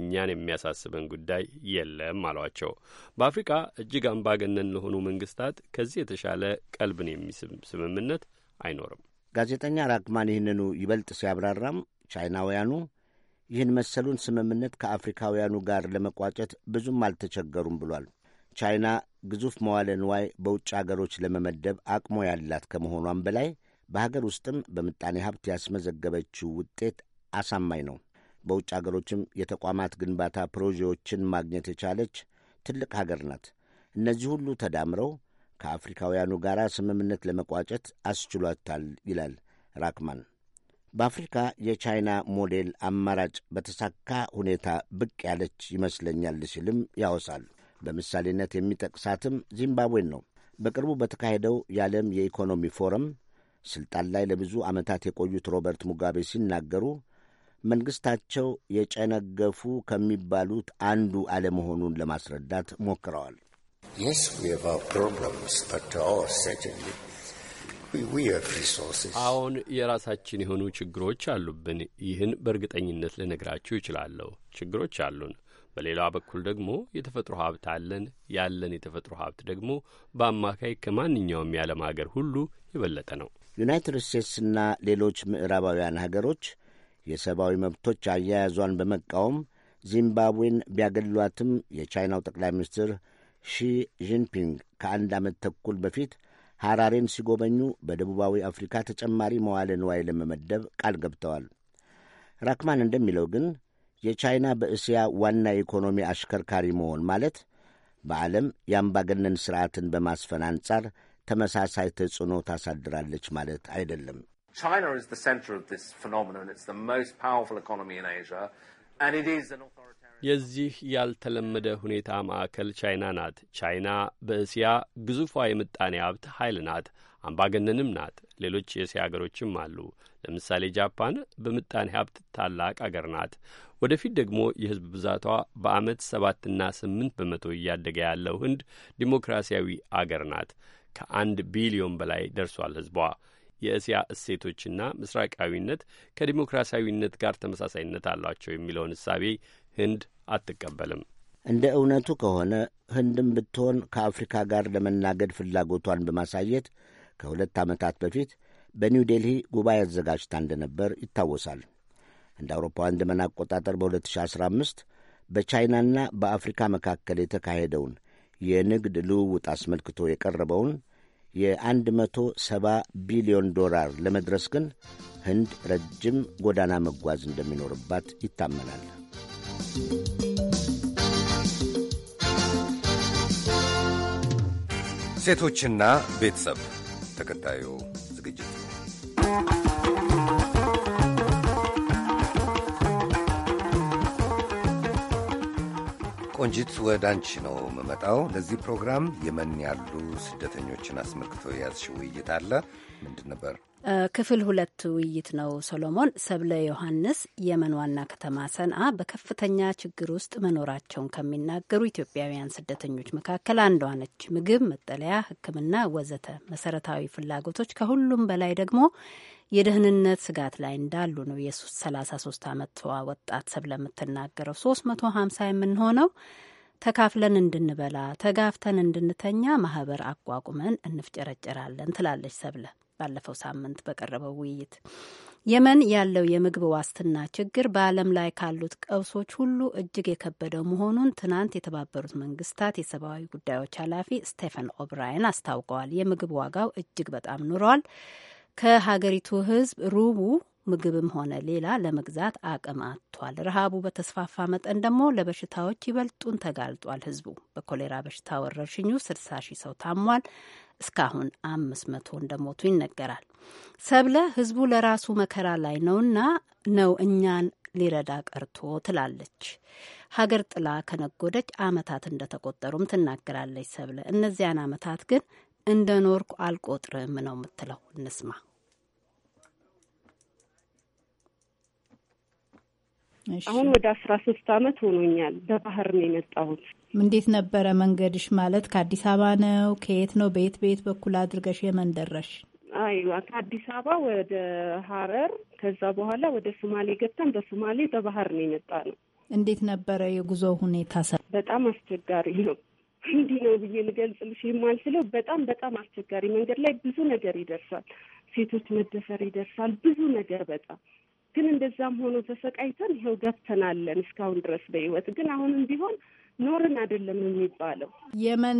O: እኛን የሚያሳስበን ጉዳይ የለም አሏቸው። በአፍሪካ እጅግ አምባገነን ለሆኑ መንግስታት ከዚህ የተሻለ ቀልብን የሚስብ ስምምነት አይኖርም።
F: ጋዜጠኛ ራክማን ይህንኑ ይበልጥ ሲያብራራም ቻይናውያኑ ይህን መሰሉን ስምምነት ከአፍሪካውያኑ ጋር ለመቋጨት ብዙም አልተቸገሩም ብሏል። ቻይና ግዙፍ መዋለ ንዋይ በውጭ አገሮች ለመመደብ አቅሞ ያላት ከመሆኗም በላይ በሀገር ውስጥም በምጣኔ ሀብት ያስመዘገበችው ውጤት አሳማኝ ነው። በውጭ አገሮችም የተቋማት ግንባታ ፕሮጀዎችን ማግኘት የቻለች ትልቅ ሀገር ናት። እነዚህ ሁሉ ተዳምረው ከአፍሪካውያኑ ጋር ስምምነት ለመቋጨት አስችሏታል ይላል ራክማን። በአፍሪካ የቻይና ሞዴል አማራጭ በተሳካ ሁኔታ ብቅ ያለች ይመስለኛል ሲልም ያወሳል። በምሳሌነት የሚጠቅሳትም ዚምባብዌን ነው። በቅርቡ በተካሄደው የዓለም የኢኮኖሚ ፎረም ስልጣን ላይ ለብዙ ዓመታት የቆዩት ሮበርት ሙጋቤ ሲናገሩ መንግሥታቸው የጨነገፉ ከሚባሉት አንዱ አለመሆኑን ለማስረዳት ሞክረዋል።
O: አሁን የራሳችን የሆኑ ችግሮች አሉብን። ይህን በእርግጠኝነት ልነግራችሁ ይችላለሁ። ችግሮች አሉን። በሌላ በኩል ደግሞ የተፈጥሮ ሀብት አለን። ያለን የተፈጥሮ ሀብት ደግሞ በአማካይ ከማንኛውም የዓለም ሀገር ሁሉ የበለጠ ነው።
F: ዩናይትድ ስቴትስና ሌሎች ምዕራባውያን ሀገሮች የሰብአዊ መብቶች አያያዟን በመቃወም ዚምባብዌን ቢያገሏትም የቻይናው ጠቅላይ ሚኒስትር ሺ ጂንፒንግ ከአንድ ዓመት ተኩል በፊት ሐራሬን ሲጎበኙ በደቡባዊ አፍሪካ ተጨማሪ መዋለ ንዋይ ለመመደብ ቃል ገብተዋል። ራክማን እንደሚለው ግን የቻይና በእስያ ዋና የኢኮኖሚ አሽከርካሪ መሆን ማለት በዓለም የአምባገነን ሥርዓትን በማስፈን አንጻር ተመሳሳይ ተጽዕኖ ታሳድራለች ማለት
O: አይደለም። የዚህ ያልተለመደ ሁኔታ ማዕከል ቻይና ናት። ቻይና በእስያ ግዙፏ የምጣኔ ሀብት ኃይል ናት። አምባገነንም ናት። ሌሎች የእስያ አገሮችም አሉ። ለምሳሌ ጃፓን በምጣኔ ሀብት ታላቅ አገር ናት። ወደፊት ደግሞ የህዝብ ብዛቷ በአመት ሰባትና ስምንት በመቶ እያደገ ያለው ህንድ ዲሞክራሲያዊ አገር ናት። ከአንድ ቢሊዮን በላይ ደርሷል ህዝቧ። የእስያ እሴቶችና ምስራቃዊነት ከዲሞክራሲያዊነት ጋር ተመሳሳይነት አሏቸው የሚለውን እሳቤ ህንድ አትቀበልም።
F: እንደ እውነቱ ከሆነ ህንድም ብትሆን ከአፍሪካ ጋር ለመናገድ ፍላጎቷን በማሳየት ከሁለት ዓመታት በፊት በኒው ዴልሂ ጉባኤ አዘጋጅታ እንደነበር ይታወሳል። እንደ አውሮፓውያን ዘመን አቆጣጠር በ2015 በቻይናና በአፍሪካ መካከል የተካሄደውን የንግድ ልውውጥ አስመልክቶ የቀረበውን የ170 ቢሊዮን ዶላር ለመድረስ ግን ህንድ ረጅም ጎዳና መጓዝ እንደሚኖርባት ይታመናል።
C: ሴቶችና ቤተሰብ ተከታዩ ዝግጅት ነው። ቆንጂት ወደ አንቺ ነው የምመጣው። ለዚህ ፕሮግራም የመን ያሉ ስደተኞችን አስመልክቶ የያዝሽ ውይይት አለ። ምንድን ነበር?
B: ክፍል ሁለት ውይይት ነው። ሰሎሞን ሰብለ ዮሐንስ የመን ዋና ከተማ ሰንአ በከፍተኛ ችግር ውስጥ መኖራቸውን ከሚናገሩ ኢትዮጵያውያን ስደተኞች መካከል አንዷ ነች። ምግብ፣ መጠለያ፣ ሕክምና ወዘተ መሰረታዊ ፍላጎቶች ከሁሉም በላይ ደግሞ የደህንነት ስጋት ላይ እንዳሉ ነው የ33 ዓመቷ ወጣት ሰብለ የምትናገረው። 350 የምንሆነው ተካፍለን እንድንበላ ተጋፍተን እንድንተኛ ማህበር አቋቁመን እንፍጨረጨራለን ትላለች ሰብለ ባለፈው ሳምንት በቀረበው ውይይት የመን ያለው የምግብ ዋስትና ችግር በዓለም ላይ ካሉት ቀውሶች ሁሉ እጅግ የከበደው መሆኑን ትናንት የተባበሩት መንግስታት የሰብአዊ ጉዳዮች ኃላፊ ስቴፈን ኦብራይን አስታውቀዋል። የምግብ ዋጋው እጅግ በጣም ኑሯል። ከሀገሪቱ ሕዝብ ሩቡ ምግብም ሆነ ሌላ ለመግዛት አቅም አጥቷል። ረሃቡ በተስፋፋ መጠን ደግሞ ለበሽታዎች ይበልጡን ተጋልጧል። ህዝቡ በኮሌራ በሽታ ወረርሽኙ 60 ሺህ ሰው ታሟል። እስካሁን አምስት መቶ እንደሞቱ ይነገራል። ሰብለ ህዝቡ ለራሱ መከራ ላይ ነውና ነው እኛን ሊረዳ ቀርቶ ትላለች። ሀገር ጥላ ከነጎደች አመታት እንደተቆጠሩም ትናገራለች ሰብለ። እነዚያን አመታት ግን እንደ ኖርኩ አልቆጥርም ነው የምትለው። እንስማ። አሁን
G: ወደ አስራ ሶስት አመት ሆኖኛል። በባህር ነው የመጣሁት።
B: እንዴት ነበረ መንገድሽ? ማለት ከአዲስ አበባ ነው? ከየት ነው? በየት በየት በኩል አድርገሽ የመንደረሽ?
G: አይዋ ከአዲስ አበባ ወደ ሀረር፣ ከዛ በኋላ ወደ ሶማሌ ገብተን በሶማሌ በባህር ነው የመጣ
B: ነው። እንዴት ነበረ የጉዞ ሁኔታ? በጣም አስቸጋሪ ነው።
G: እንዲህ ነው ብዬ ልገልጽልሽ የማልችለው በጣም በጣም አስቸጋሪ መንገድ ላይ ብዙ ነገር ይደርሳል። ሴቶች መደፈር ይደርሳል። ብዙ ነገር በጣም ግን እንደዛም ሆኖ ተሰቃይተን ይኸው ገብተናለን እስካሁን ድረስ በህይወት ግን አሁንም ቢሆን ኖርን አይደለም የሚባለው።
B: የመን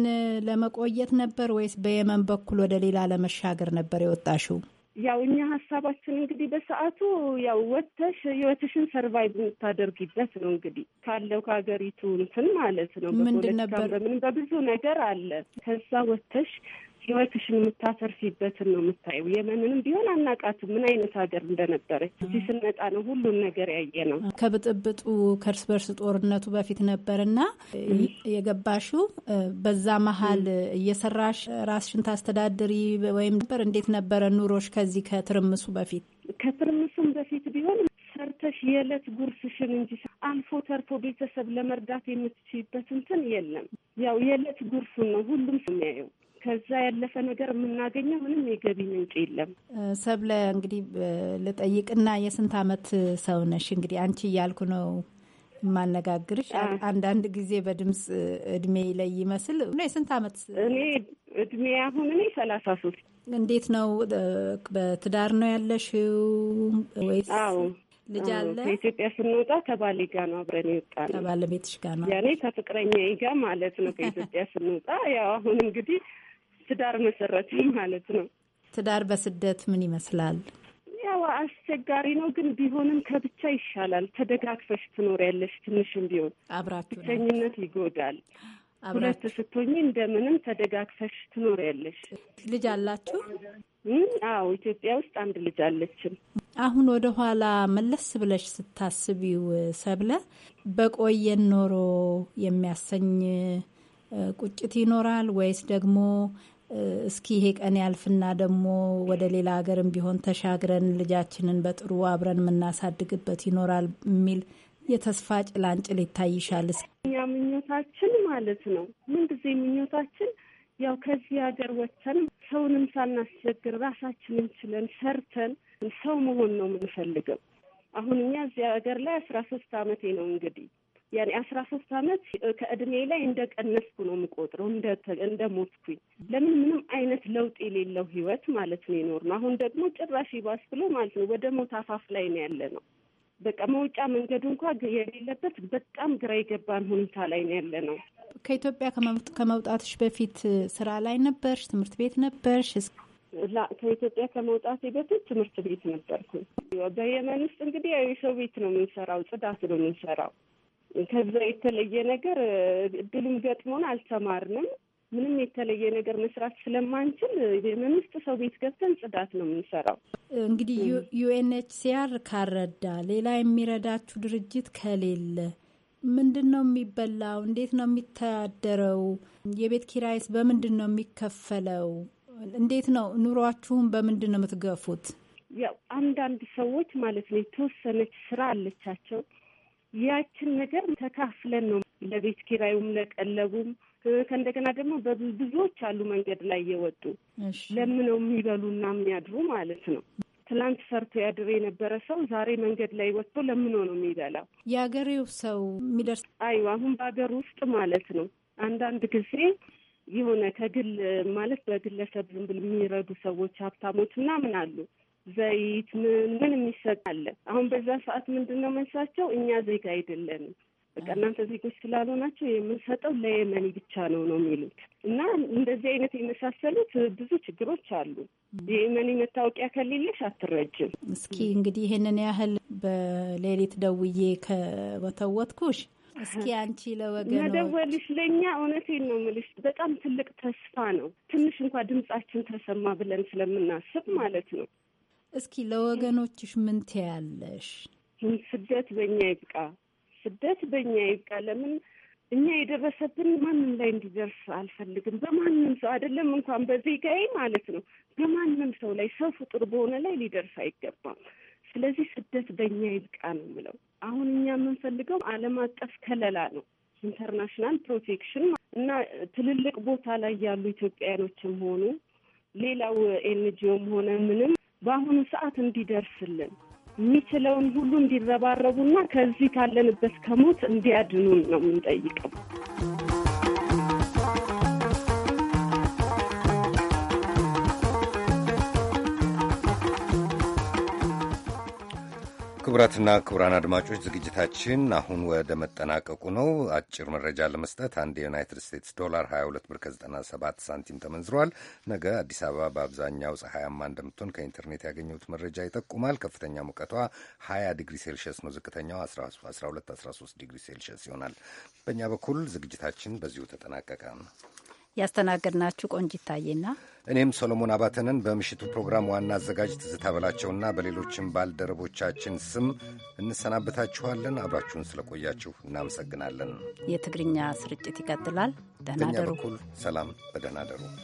B: ለመቆየት ነበር ወይስ በየመን በኩል ወደ ሌላ ለመሻገር ነበር የወጣሽው?
G: ያው እኛ ሀሳባችን እንግዲህ በሰዓቱ ያው ወተሽ ህይወትሽን ሰርቫይቭ የምታደርጊበት ነው እንግዲህ ካለው ከሀገሪቱ እንትን ማለት ነው። ምንድን ነበር በምን በብዙ ነገር አለ። ከዛ ወተሽ ህይወትሽን የምታተርፊበትን ነው የምታየው። የመንንም ቢሆን
B: አናቃትም ምን አይነት ሀገር እንደነበረች። እዚህ ስንመጣ ነው ሁሉን ነገር ያየ ነው። ከብጥብጡ ከእርስ በርስ ጦርነቱ በፊት ነበርና የገባሽው በዛ መሀል እየሰራሽ ራስሽን ታስተዳድሪ ወይም ነበር? እንዴት ነበረ ኑሮሽ ከዚህ ከትርምሱ በፊት?
G: ከትርምሱም በፊት ቢሆን ሰርተሽ የዕለት ጉርስሽን እንጂ አልፎ ተርፎ ቤተሰብ ለመርዳት የምትችይበት እንትን የለም። ያው የዕለት ጉርሱን ነው ሁሉም የሚያየው። ከዛ ያለፈ ነገር የምናገኘው ምንም የገቢ ምንጭ የለም።
B: ሰብለ እንግዲህ ልጠይቅና የስንት አመት ሰው ነሽ? እንግዲህ አንቺ እያልኩ ነው የማነጋግርሽ። አንዳንድ ጊዜ በድምፅ እድሜ ላይ ይመስል ነው። የስንት አመት እኔ እድሜ አሁን እኔ ሰላሳ ሶስት እንዴት ነው በትዳር ነው ያለሽው ወይስ ልጅ አለ? ከኢትዮጵያ ስንወጣ ከባሌ
G: ጋር ነው አብረን የወጣ ነው። ከባለቤትሽ ጋር ነው? ያኔ ከፍቅረኛ ጋ ማለት ነው። ከኢትዮጵያ ስንወጣ ያው አሁን እንግዲህ ትዳር መሰረት ማለት ነው።
B: ትዳር በስደት ምን ይመስላል?
G: ያው አስቸጋሪ ነው፣ ግን ቢሆንም ከብቻ ይሻላል። ተደጋግፈሽ ያለሽ ትንሽም ቢሆን አብራችሁ ብቸኝነት ይጎዳል። ሁለት ስትሆኚ እንደምንም ተደጋግፈሽ ትኖር ያለሽ።
B: ልጅ አላችሁ?
G: አዎ፣ ኢትዮጵያ ውስጥ አንድ ልጅ አለችም።
B: አሁን ወደ ኋላ መለስ ብለሽ ስታስቢው ሰብለ፣ በቆየን ኖሮ የሚያሰኝ ቁጭት ይኖራል ወይስ ደግሞ እስኪ ይሄ ቀን ያልፍና ደግሞ ወደ ሌላ ሀገርም ቢሆን ተሻግረን ልጃችንን በጥሩ አብረን የምናሳድግበት ይኖራል የሚል የተስፋ ጭላንጭል ይታይሻል?
G: እኛ ምኞታችን ማለት ነው ምንጊዜ ምኞታችን ያው ከዚህ ሀገር ወጥተን ሰውንም ሳናስቸግር ራሳችንን ችለን ሰርተን ሰው መሆን ነው የምንፈልገው። አሁን እኛ እዚህ ሀገር ላይ አስራ ሶስት አመቴ ነው እንግዲህ ያኔ አስራ ሶስት አመት ከእድሜ ላይ እንደ ቀነስኩ ነው የምቆጥረው፣ እንደ ሞትኩኝ። ለምን ምንም አይነት ለውጥ የሌለው ህይወት ማለት ነው የኖር ነው። አሁን ደግሞ ጭራሽ ይባስ ብሎ ማለት ነው ወደ ሞት አፋፍ ላይ ነው ያለ ነው። በቃ መውጫ መንገዱ እንኳ የሌለበት በጣም ግራ የገባን ሁኔታ ላይ ነው ያለ ነው።
B: ከኢትዮጵያ ከመውጣትሽ በፊት ስራ ላይ ነበርሽ? ትምህርት ቤት ነበርሽ? ላ ከኢትዮጵያ
G: ከመውጣቴ በፊት ትምህርት ቤት ነበርኩ። በየመን ውስጥ እንግዲህ የሰው ቤት ነው የምንሰራው፣ ጽዳት ነው የምንሰራው ከዛ የተለየ ነገር እድሉም ገጥሞን አልተማርንም። ምንም የተለየ ነገር መስራት ስለማንችል የመንግስት ሰው ቤት ገብተን ጽዳት ነው የምንሰራው።
B: እንግዲህ ዩኤንኤችሲአር ካረዳ ሌላ የሚረዳችሁ ድርጅት ከሌለ ምንድን ነው የሚበላው? እንዴት ነው የሚተዳደረው? የቤት ኪራይስ በምንድን ነው የሚከፈለው? እንዴት ነው ኑሯችሁን በምንድን ነው የምትገፉት?
G: ያው አንዳንድ ሰዎች ማለት ነው የተወሰነች ስራ አለቻቸው ያችን ነገር ተካፍለን ነው ለቤት ኪራዩም ለቀለቡም ከእንደገና ደግሞ በብዙዎች አሉ መንገድ ላይ እየወጡ ለምነው የሚበሉና የሚያድሩ ማለት
C: ነው።
A: ትላንት
G: ሰርቶ ያድር የነበረ ሰው ዛሬ መንገድ ላይ ወጥቶ ለምኖ ነው የሚበላው። የሀገሬው ሰው የሚደርስ አይ አሁን በሀገር ውስጥ ማለት ነው። አንዳንድ ጊዜ የሆነ ከግል ማለት በግለሰብ ዝም ብል የሚረዱ ሰዎች ሀብታሞች ምናምን አሉ። ዘይት ምን ምንም ይሰጣል። አሁን በዛ ሰዓት ምንድን ነው መልሳቸው? እኛ ዜጋ አይደለንም በቃ እናንተ ዜጎች ናቸው የምንሰጠው ለየመኒ ብቻ ነው ነው የሚሉት እና እንደዚህ አይነት የመሳሰሉት ብዙ ችግሮች አሉ። የየመኒ መታወቂያ ከሌለሽ አትረጅም። እስኪ
B: እንግዲህ ይህንን ያህል በሌሊት ደውዬ ከወተወትኩሽ እስኪ አንቺ ለወገን መደወልሽ ለእኛ እውነቴን ነው የምልሽ በጣም
G: ትልቅ ተስፋ ነው። ትንሽ እንኳ ድምጻችን ተሰማ ብለን ስለምናስብ ማለት ነው
B: እስኪ ለወገኖችሽ ምን ትያለሽ?
G: ስደት በእኛ ይብቃ፣ ስደት በእኛ ይብቃ። ለምን እኛ የደረሰብን ማንም ላይ እንዲደርስ አልፈልግም። በማንም ሰው አይደለም እንኳን በዜጋዬ ማለት ነው፣ በማንም ሰው ላይ ሰው ፍጡር በሆነ ላይ ሊደርስ አይገባም። ስለዚህ ስደት በእኛ ይብቃ ነው የምለው። አሁን እኛ የምንፈልገው ዓለም አቀፍ ከለላ ነው፣ ኢንተርናሽናል ፕሮቴክሽን እና ትልልቅ ቦታ ላይ ያሉ ኢትዮጵያውያኖችም ሆኑ ሌላው ኤንጂኦም ሆነ ምንም በአሁኑ ሰዓት እንዲደርስልን የሚችለውን ሁሉ እንዲረባረቡና ከዚህ ካለንበት ከሞት እንዲያድኑን ነው የምንጠይቀው።
C: ክቡራትና ክቡራን አድማጮች ዝግጅታችን አሁን ወደ መጠናቀቁ ነው። አጭር መረጃ ለመስጠት አንድ የዩናይትድ ስቴትስ ዶላር 22 ብር ከ97 ሳንቲም ተመንዝሯል። ነገ አዲስ አበባ በአብዛኛው ፀሐያማ እንደምትሆን ከኢንተርኔት ያገኘሁት መረጃ ይጠቁማል። ከፍተኛ ሙቀቷ 20 ዲግሪ ሴልሽየስ ነው። ዝቅተኛው 12 13 ዲግሪ ሴልሽየስ ይሆናል። በእኛ በኩል ዝግጅታችን በዚሁ ተጠናቀቀ። ነው
B: ያስተናገድናችሁ ቆንጅ ይታየና
C: እኔም ሰሎሞን አባተንን በምሽቱ ፕሮግራም ዋና አዘጋጅ ትዝታ በላቸውና በሌሎችም ባልደረቦቻችን ስም እንሰናበታችኋለን። አብራችሁን ስለቆያችሁ እናመሰግናለን።
B: የትግርኛ ስርጭት ይቀጥላል። ደህና ደሩ።
C: በኩል ሰላም፣ በደህና ደሩ።